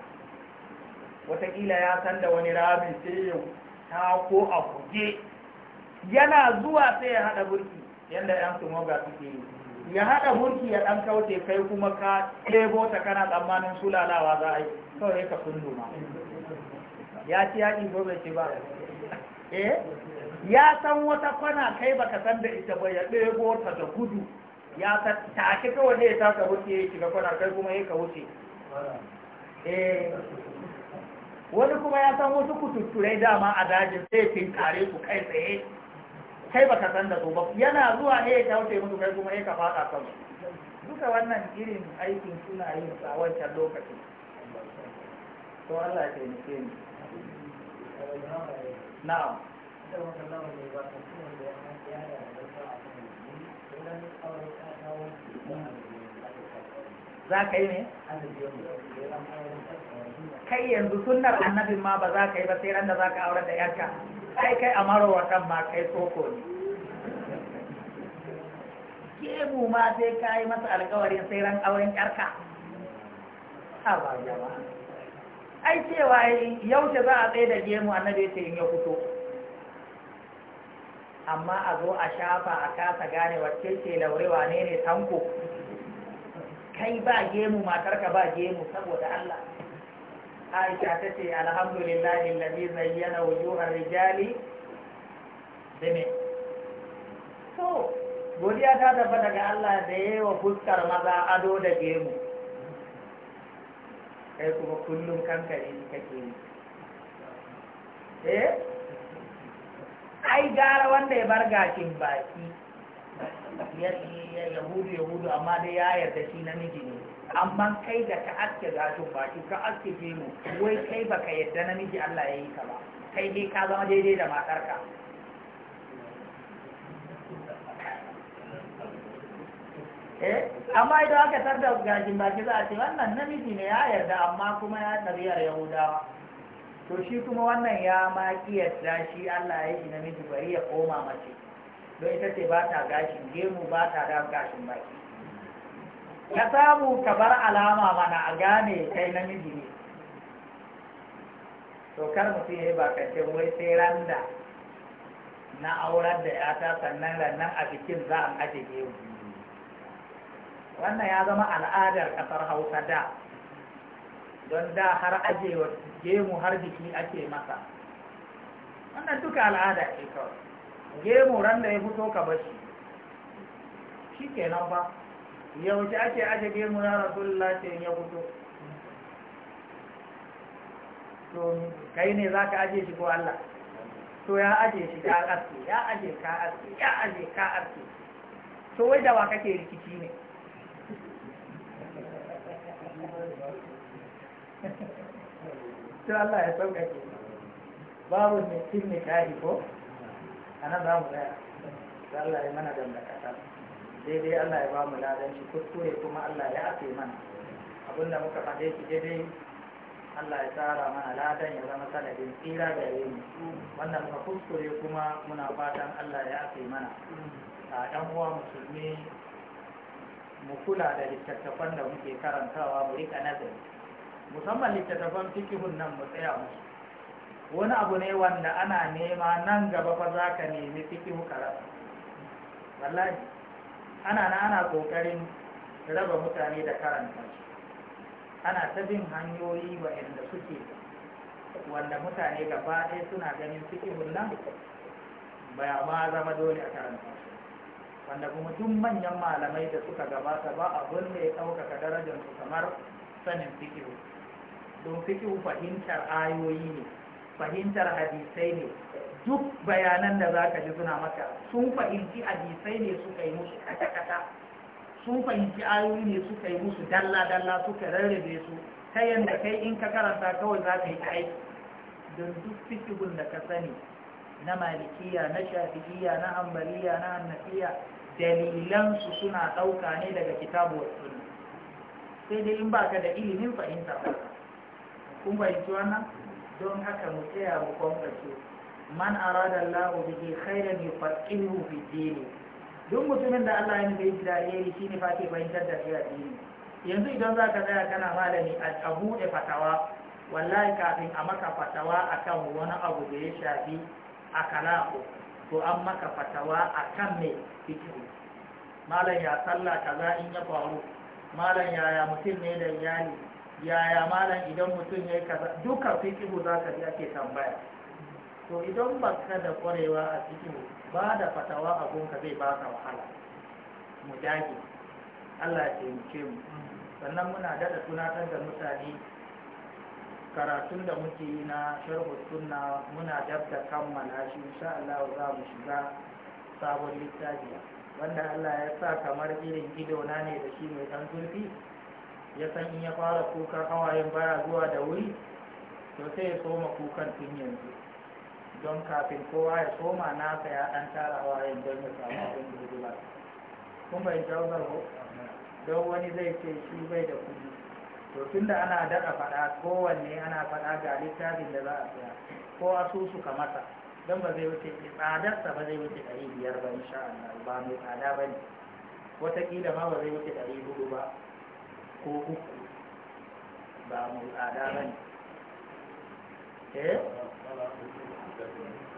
wataƙila ya san da wani rabi sai ya ta ko a kuje yana zuwa sai ya haɗa burki yadda ‘yan moga suke yi ya haɗa burki ya ɗan kauce kai kuma ka ɗebo ta kana tsammanin sulalawa za a yi kawai ka ma ya ci ya ko bai ci ba eh ya san wata kwana kai baka san da ita ba ya ɗebo ta da gudu ya ta take kawai ne ya taka wuce ya shiga kwana kai kuma ya ka wuce eh, wani kuma ya san wasu kututturai dama a dajin sai fin kare ku kai tsaye kai baka san da ba yana zuwa ne ya kyauce musu kai kuma ya ka fada kansu duka wannan irin aikin suna yin sa wancan lokacin to Allah ya taimake ni na'am za ka yi ne kai yanzu sunnar annabin ma ba za ka yi ba sai ran da za ka aure da yarka kai kai a marowa kan ma kai soko ne kebu ma sai ka yi masa alkawarin sai ran auren yarka ha ba ai cewa yaushe za a tsaye da gemu annabi ce in ya fito amma a zo a shafa a kasa gane wacce ce laurewa ne ne tanko kai ba gemu matarka ba gemu saboda Allah Aisha ta ce alhamdulillah allazi zayyana wujuhar rijali da so godiya ta tabbata daga Allah da yawa fuskar maza ado da gemu kai kuma kullum kankare kake yi eh ai gara wanda ya bar gashin baki yahudu yahudu amma dai ya yarda shi namiji ne amma kai da ka aske gashin baki ka aske gemu wai kai baka yarda namiji Allah ya yi ka ba kai dai ka zama daidai da matarka eh, amma idan aka tarda gashin baki za a ce wannan namiji ne ya yarda amma kuma ya tsariyar yahudawa to shi kuma wannan ya ma kiyasta shi Allah ya yi namiji bari ya koma mace don ita ce ba ta gashin gemu ba ta da gashin baki ka samu ka bar alama mana a gane kai namiji ne to kar mutum ya yi bakance wai sai randa na aurar da yata sannan rannan a bikin za a ajiye wannan ya zama al'adar kasar hausa da don da har ajewa gemu har jiki ake masa wannan duka al'ada ce kawai gemu ran da ya fito ka bashi shi nan ba yaushe ake aje gemu na rasulullah ce ya fito to kai ne za ka aje shi ko Allah to ya aje shi ka aske ya aje ka aske ya aje ka aske to wai da wa kake rikici ne sai Allah ya sauka sauƙaƙe babu ne cin ne ka'i ko a nan za mu tsaya sai Allah ya mana da dangantaka daidai Allah ya ba mu ladan shi kuskure kuma Allah ya afe mana abin da muka faɗe shi daidai Allah ya tsara mana ladan ya zama sanadin tsira gare mu wannan muka kuskure kuma muna fatan Allah ya afe mana a ɗan uwa musulmi mu kula da littattafan da muke karantawa mu rika nazari musamman littattafan fikihun nan mu tsaya musu wani abu ne wanda ana nema nan gaba fa za ka nemi fikihu karatu wallahi ana na ana kokarin raba mutane da karanta ana ta bin hanyoyi waɗanda suke wanda mutane gaba ɗaya suna ganin fikihun nan ba ma zama dole a karanta wanda kuma tun manyan malamai da suka gabata ba abin da ya ɗaukaka darajarsu kamar sanin fikihu don fikihu fahimtar ayoyi ne fahimtar hadisai ne duk bayanan da za ka ji suna maka sun fahimci hadisai ne suka yi musu kata-kata sun fahimci ayoyi ne suka yi musu dalla-dalla suka rarrabe su ta yadda kai in ka karanta kawai za ka yi aiki don duk fikihun da ka sani na malikiya na shafi'iya na hambaliya na annafiya dalilansu suna ɗauka ne daga kitabu wasu sai dai in baka da ilimin fahimta. ba kun fahimci wannan don haka mu tsaya mu kwamface man arada Allahu bihi khairan yufaqihu fi dini duk mutumin da Allah ya nufi da alheri shine fa ke fahimtar da shi addini yanzu idan za ka tsaya kana malami a buɗe fatawa wallahi kafin a maka fatawa akan wani abu da ya shafi a kalaku to an maka fatawa akan mai fikiru malam ya sallah kaza in ya faru malam ya mutum ne da iyali yaya malam idan mutum ya yi kaza duka fikihu za ka ji ake tambaya to idan ba ka da ƙwarewa a fikihu ba da fatawa abunka zai baka wahala mu dage Allah ya taimake mu sannan muna daɗa tunatar da mutane karatun da muke yi na sharhu sunna muna dab da kammala shi insha Allah za mu shiga sabon littafi wanda Allah ya sa kamar irin gidona ne da shi mai ɗan zurfi ya san in ya fara kukan hawayen baya zuwa da wuri to sai ya soma kukan tun yanzu don kafin kowa ya soma nasa ya ɗan tara hawayen don ya samu abin gurgula kun bai jawabar ko don wani zai ce shi bai da kuɗi to tun da ana daɗa faɗa kowanne ana faɗa ga littafin da za a saya ko asusu ka masa don ba zai wuce tsadarsa ba zai wuce ɗari biyar ba insha Allah ba mai tsada ba ne wataƙila ma ba zai wuce ɗari hudu ba ko uku ba mu tsada ba ne eh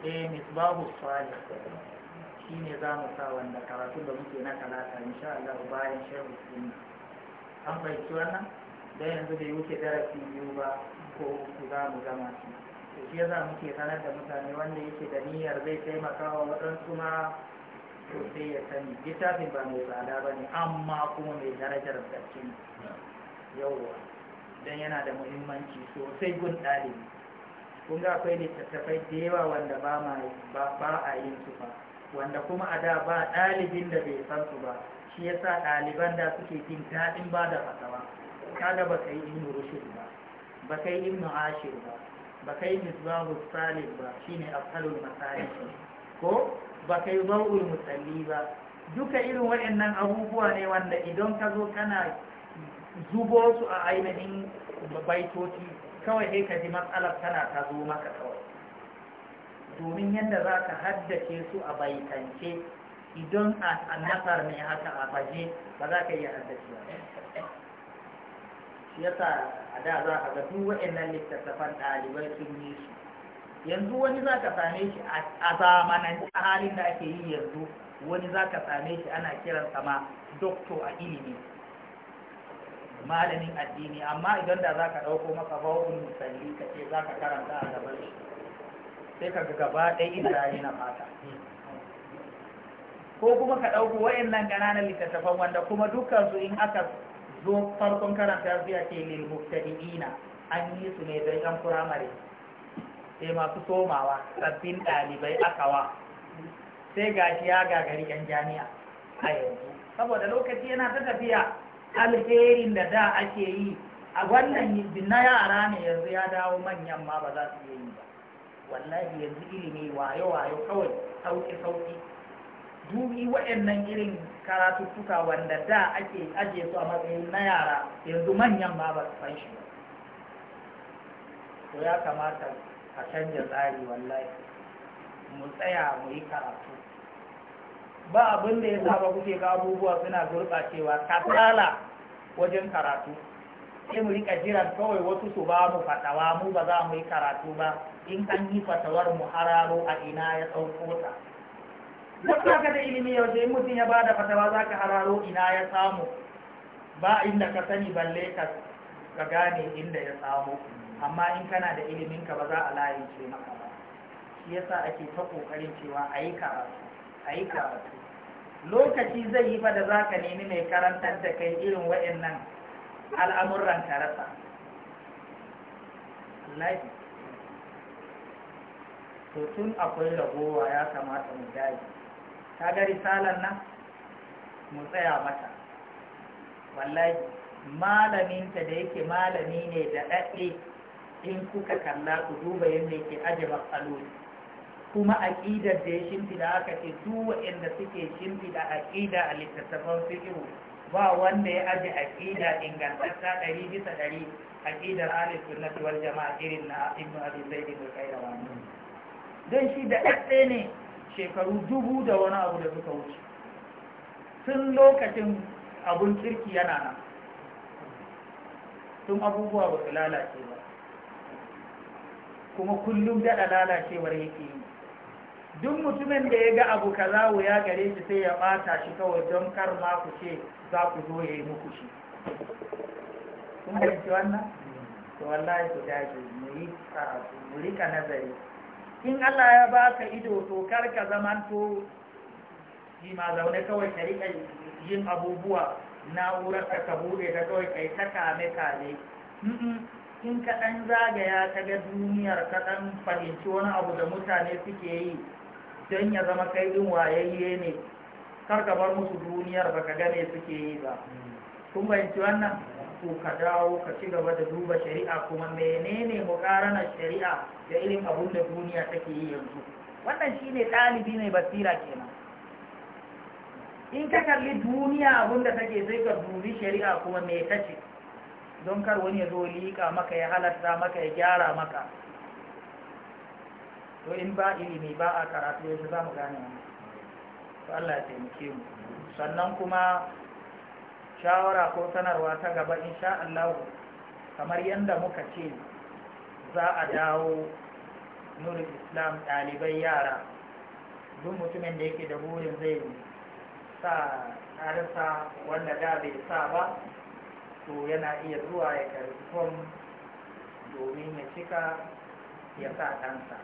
eh misbahu salih shi za mu sa wanda karatu da muke na talata insha Allah bayan shehu sunna an fahimci wannan dan yanzu bai wuce darasi biyu ba ko uku za mu gama shi to shi muke sanar da mutane wanda yake da niyyar zai taimaka wa waɗansu ma to sai ya sani littafin ba mai tsada ba ne amma kuma mai darajar gaske ne yawwa don yana da muhimmanci sosai gun ɗalibi kun ga akwai littattafai da yawa wanda ba a yin su ba wanda kuma a da ba ɗalibin da bai san su ba shi yasa ɗaliban da suke jin daɗin ba da fasawa kada ba kai ibnu rushd ba ba kai ibnu ashir ba ba yi misbahu salih ba shine afdalul masalih ko ba ka yi musalli ba duka irin waɗannan abubuwa ne wanda idan ka zo kana zubo su a ainihin baitoci kawai sai ka ji matsalar tana ta zo maka kawai domin yadda za ka haddace su a baitance idan a nasar ne haka a baje, ba za ka iya haddace ba shi yasa a da za ka ga duk waɗannan littattafan ɗalibai sun yi su yanzu wani za ka same shi a zamanance a halin da ake yi yanzu wani za ka same shi ana kiransa ma doktor a ilimi malamin addini amma idan da za ka ɗauko maka bawon musalli ka ce za ka karanta a gaban sai ka gaba ɗaya inda na fata ko kuma ka ɗauko wayannan ƙananan littattafan wanda kuma su in aka zo farkon karanta zuwa ke ce lil an yi su ne don yan firamare sai masu somawa sabbin ɗalibai akawa sai gashi ya gagari yan jami'a a yanzu saboda lokaci yana ta tafiya alherin da da ake yi a wannan yanzu na yara ne yanzu ya dawo manyan ma ba za su yi ba wallahi yanzu ilimi wayo-wayo kawai sauƙi-sauƙi dubi waɗannan irin karatuttuka wanda da ake ajiye su a matsayin na yara yanzu manyan ma ba su san shi ba to ya kamata a canja tsari wallahi mu tsaya mu yi karatu ba abin da ya saba kuke ga abubuwa suna cewa kasala wajen karatu sai mu rika jiran kawai wasu su ba mu fatawa mu ba za mu yi karatu ba in an yi fatawar mu hararo a ina ya ɗauko ta duk ka da ilimi yau in mutum ya bada fatawa za ka hararo ina ya samu ba inda ka sani balle ka gane inda ya samu amma in kana da ilimin ka ba za a layi ce maka ba shi yasa ake ta kokarin cewa a yi karatu a yi karatu lokaci zai yi fa da za ka nemi mai karantar da kai irin waɗannan al'amuran karasa to tun akwai ragowa ya kamata mu dai ta ga risalar nan mu tsaya mata wallahi malaminta da yake malami ne da ɗaɗɗe in kuka kalla ku duba yadda yake aje matsaloli kuma aƙidar da ya da aka ce duk inda suke da aƙida a littattafan fiƙiru ba wanda ya aje aƙida ingantacca ɗari bisa ɗari aƙidar alif sunnati wal jama'a irin na ibnu abi zaid bin qayyawa don shi da ɗaɗɗe ne shekaru dubu da wani abu da suka wuce tun lokacin abun kirki yana nan tun abubuwa ba su lalace ba kuma kullum daɗa lalacewar yake yi duk mutumin da ya ga abu kaza ya gare shi sai ya ɓata shi kawai don kar ma ku ce za ku zo ya yi muku shi kun fahimci wannan to wallahi ku dage mu yi karatu mu rika nazari in Allah ya baka ido to kar ka to shi ma zaune kawai ka rika yin abubuwa na'urar ka ka bude ta kawai kai ta kame kame in ka ɗan zagaya ka ga duniyar ka ɗan fahimci wani abu da mutane suke yi don ya zama kai ɗin wayayye ne kar ka bar musu duniyar ba ka gane suke yi ba kun bayanci wannan to ka dawo ka ci gaba da duba shari'a kuma menene mukarana shari'a da irin abun da duniya take yi yanzu wannan shine ɗalibi ne basira kenan in ka kalli duniya abun da take sai ka dubi shari'a kuma me ta ce don kar wani ya zo liƙa maka ya halatta maka ya gyara maka to in ba ilimi ba a karatu yaushe za mu gane wani to Allah ya taimake mu sannan kuma shawara ko sanarwa ta gaba insha Allah kamar yadda muka ce za a dawo nurul islam ɗalibai yara duk mutumin da yake da burin zai sa harsa wanda da bai sa ba to yana iya zuwa ya karbi fom domin ya cika ya sa ɗansa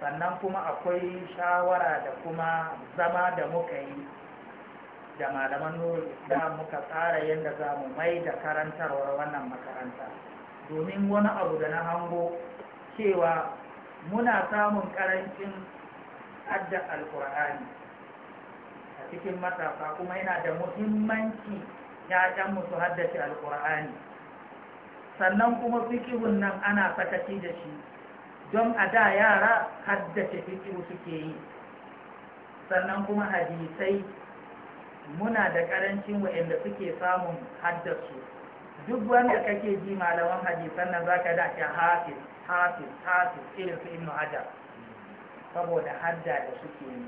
sannan kuma akwai shawara da kuma zama da muka yi da malaman da muka tsara yadda za mu mai da karantarwar wannan makaranta domin wani abu da na hango cewa muna samun karancin adda alkur'ani a cikin matasa kuma yana da muhimmanci ‘ya'yanmu su haddace alƙur'ani sannan kuma fikihun nan ana fatati da shi don a da yara haddace fikihu suke yi sannan kuma hadisai muna da ƙarancin wa'inda suke samun haddasu duk wanda kake ji malaman hadisan nan za ka da hafi Hafi, Hafi, Hafi, irin su hajar saboda hadda da suke yi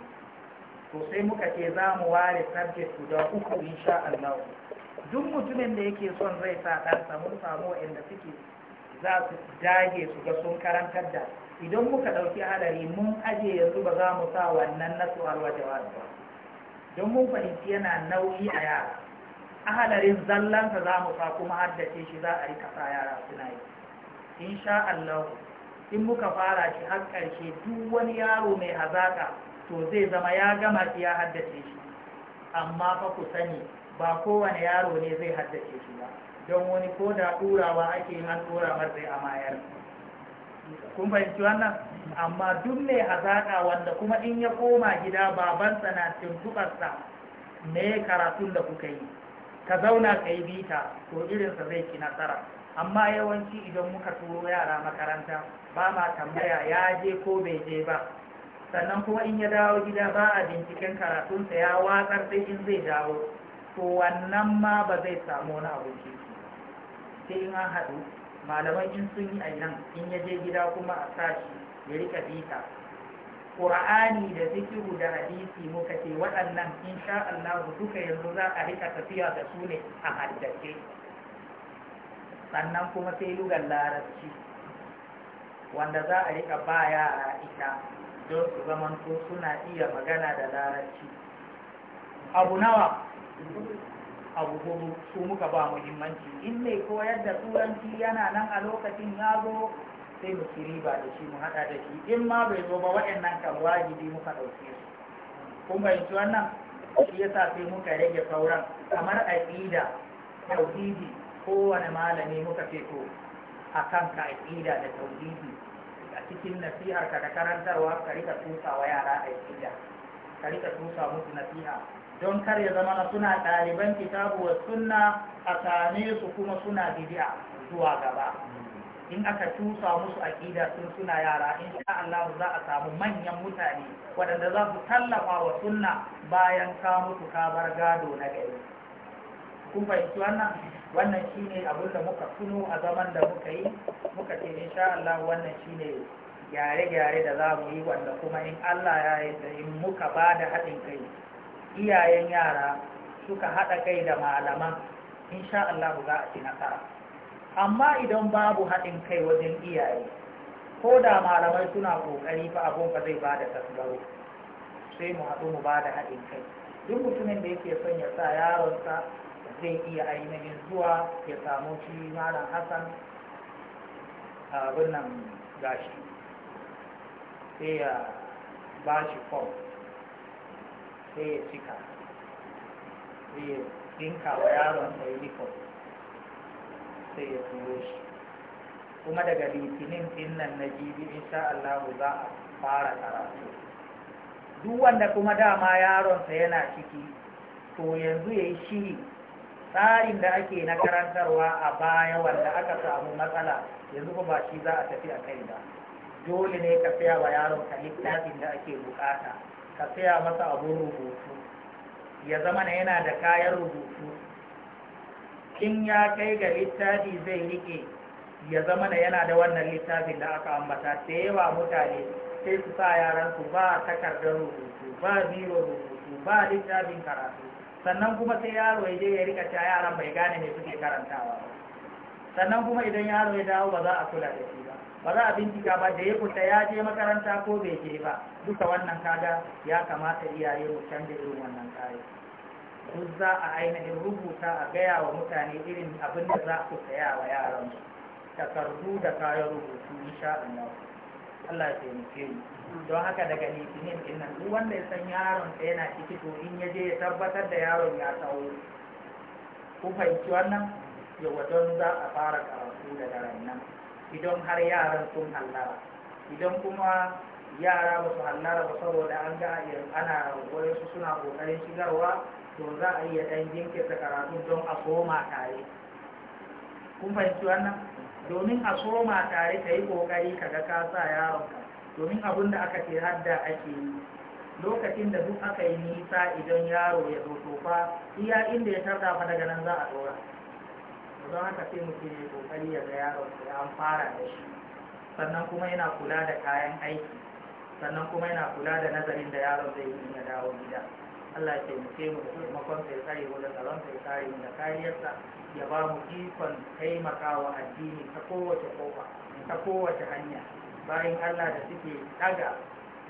to sai muka ce za mu ware subject guda uku insha Allah duk mutumin da yake son zai sa ɗansa mun samu waɗanda suke za su dage su ga sun karantar da idan muka ɗauki hadari mun aje yanzu ba za mu sa wannan na suwar wajewa ba don mun fahimci yana nauyi a yara a hadarin zallansa za mu sa kuma haddace shi za a rika sa yara suna yi insha Allah in muka fara shi har ƙarshe duk wani yaro mai hazaka to zai zama ya gama ya haddace shi amma fa ku sani ba kowane yaro ne zai haddace shi ba don wani ko da ɗurawa ake an ɗora mar zai amayar kun fahimci wannan amma duk mai hazaƙa wanda kuma in ya koma gida babansa na tuntuɓarsa me karatun da kuka yi ka zauna ka yi bita to irinsa zai ki nasara amma yawanci idan muka turo yara makaranta ba ma tambaya ya je ko bai je ba sannan kuma in ya dawo gida ba a binciken karatunsa ya watsar sai in zai dawo to wannan ma ba zai samu wani abinci sai in an haɗu malaman in sun yi a nan in ya je gida kuma a sashi ya rika bita ƙura'ani da zikiru da hadisi muka ce waɗannan in sha Allah duka yanzu za a rika tafiya da su ne a haddace sannan kuma sai lugar larabci wanda za a rika baya a ita don su zamanto suna iya magana da larabci abu nawa abu hudu su muka ba muhimmanci in mai koyar da turanci yana nan a lokacin ya zo sai mu ci ba da shi mu haɗa da shi in ma bai zo ba waɗannan kan wajibi muka ɗauke su kun bayyanci wannan shi yasa sai muka rage sauran kamar aqida tauhidi kowane malami muka ce to akan ka aqida da tauhidi cikin nasihar ka da karantarwa ka rika tusa wa yara aƙida ka rika tusa musu nasiha don kar ya zama suna ɗaliban kitabu wa sunna a same su kuma suna bidi'a zuwa gaba in aka tusa musu aƙida sun suna yara in sha Allah za a samu manyan mutane waɗanda za su tallafa wa sunna bayan ka mutu ka bar gado na gari kun fahimci wannan wannan shine abin da muka tuno a zaman da muka yi muka ce insha Allah wannan shine gyare-gyare da za mu yi wanda kuma in Allah ya yi in muka ba da haɗin kai iyayen yara suka haɗa kai da malaman insha Allah za a ci nasara amma idan babu haɗin kai wajen iyaye ko da malamai suna kokari fa abun ba zai bada sai mu haɗu mu ba da haɗin kai duk mutumin da yake son ya sa yaronsa zai iya ainihin zuwa ya samu shi malam hassan abin nan gashi sai ya ba shi fom sai ya cika sai ya dinka wa yaron da sai ya turo shi kuma daga litinin din nan na jibi insha Allahu, za a fara karatu duk wanda kuma dama yaronsa yana ciki to yanzu yayi yi shiri tsarin da ake na karantarwa a baya wanda aka samu matsala ya zuba ba shi za a tafi a kai ba dole ne ka saya wa yaron ka littafin da ake bukata ka saya masa abun rubutu ya zama na yana da kayan rubutu in ya kai ga littafi zai rike ya zama na yana da wannan littafin da aka ambata sai yawa mutane sai su sa yaran su ba takardar rubutu ba biro rubutu ba littafin karatu sannan kuma sai yaro ya je ya rika ta yaran bai gane ne suke karantawa ba sannan kuma idan yaro ya dawo ba za a kula da shi ba ba za a bincika ba da ya fita ya je makaranta ko bai je ba duka wannan kaga ya kamata iyaye mu canza irin wannan kare duk za a ainihin rubuta a gaya wa mutane irin abin da za ku saya wa yaran takardu da kayan rubutu insha Allah Allah ya taimake mu don haka daga litinin din nan duk wanda ya san yaron ta yana ciki to in ya je ya tabbatar da yaron ya taho ku fahimci wannan ya don za a fara karatu daga nan idan har yaran sun hallara idan kuma yara ba su hallara ba saboda an ga ana su suna kokarin shigarwa to za a iya ɗan jinkirta karatu don a koma tare kun fahimci wannan domin a soma tare ka yi kokari ka ga ka sa yaron ka domin abin da aka ce hadda ake yi lokacin da duk aka yi nisa idan yaro ya zo tofa iya inda ya tarda fa daga nan za a dora don haka sai mutum ya kokari ya ga yaron sai an fara da shi sannan kuma yana kula da kayan aiki sannan kuma yana kula da nazarin da yaron zai yi ya dawo gida Allah ya taimake mu da makon sai tsare mu da tsaron sai tsare mu da kariyarsa ya ba mu ikon taimakawa addini ta kowace kofa ta kowace hanya bayan Allah da suke daga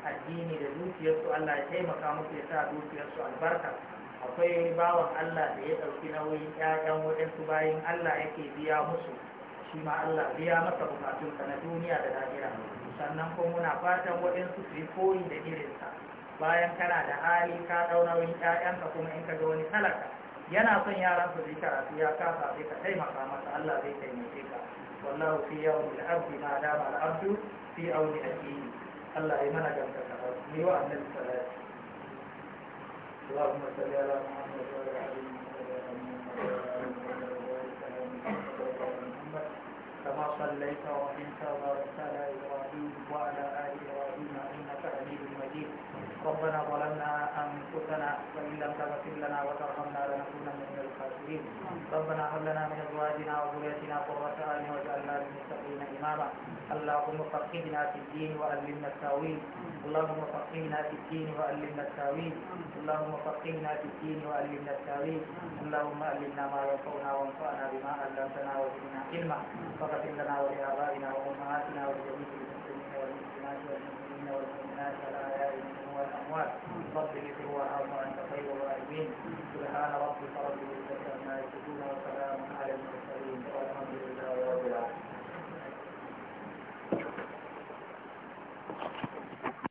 addini da dukiyarsu Allah ya taimaka musu ya sa dukiyarsu albarka akwai wani bawan Allah da ya ɗauki nauyin ƴaƴan waɗansu bayan Allah yake biya musu shi ma Allah biya masa bukatunsa na duniya da lahira sannan kuma muna fatan wadansu su yi koyi da irinsa bayan kana da hali ka ɗau nauyin ƴaƴanka kuma in ka ga wani talaka yana son yaran su yi karatu ya kasa sai ka taimaka masa Allah zai taimake ka wallahu fi yawmil ardi ma dama al في ألا إيمانا يمنع جنبك لي وأن الصلاة اللهم صل على محمد وعلى آل محمد كما صليت وأنت وباركت على إبراهيم وعلى آل إبراهيم إنك حميد مجيد ربنا ظلمنا أنفسنا وإن لم تغفر لنا وترحمنا لنكونن من الخاسرين ربنا هب لنا من أزواجنا وذريتنا قرة أعين واجعلنا إماما اللهم فقهنا في الدين وعلمنا التاويل اللهم فقهنا في الدين وعلمنا التاويل اللهم فقهنا في الدين وعلمنا التاويل اللهم علمنا ما ينفعنا وانفعنا بما علمتنا وزدنا علما فاغفر لنا ولآبائنا وأمهاتنا ولجميع المسلمين والمسلمات والمؤمنين والمؤمنات على منهم والأموات رب هو أعظم أنت خير الراحمين سبحان ربك رب العزة عما يصفون وسلام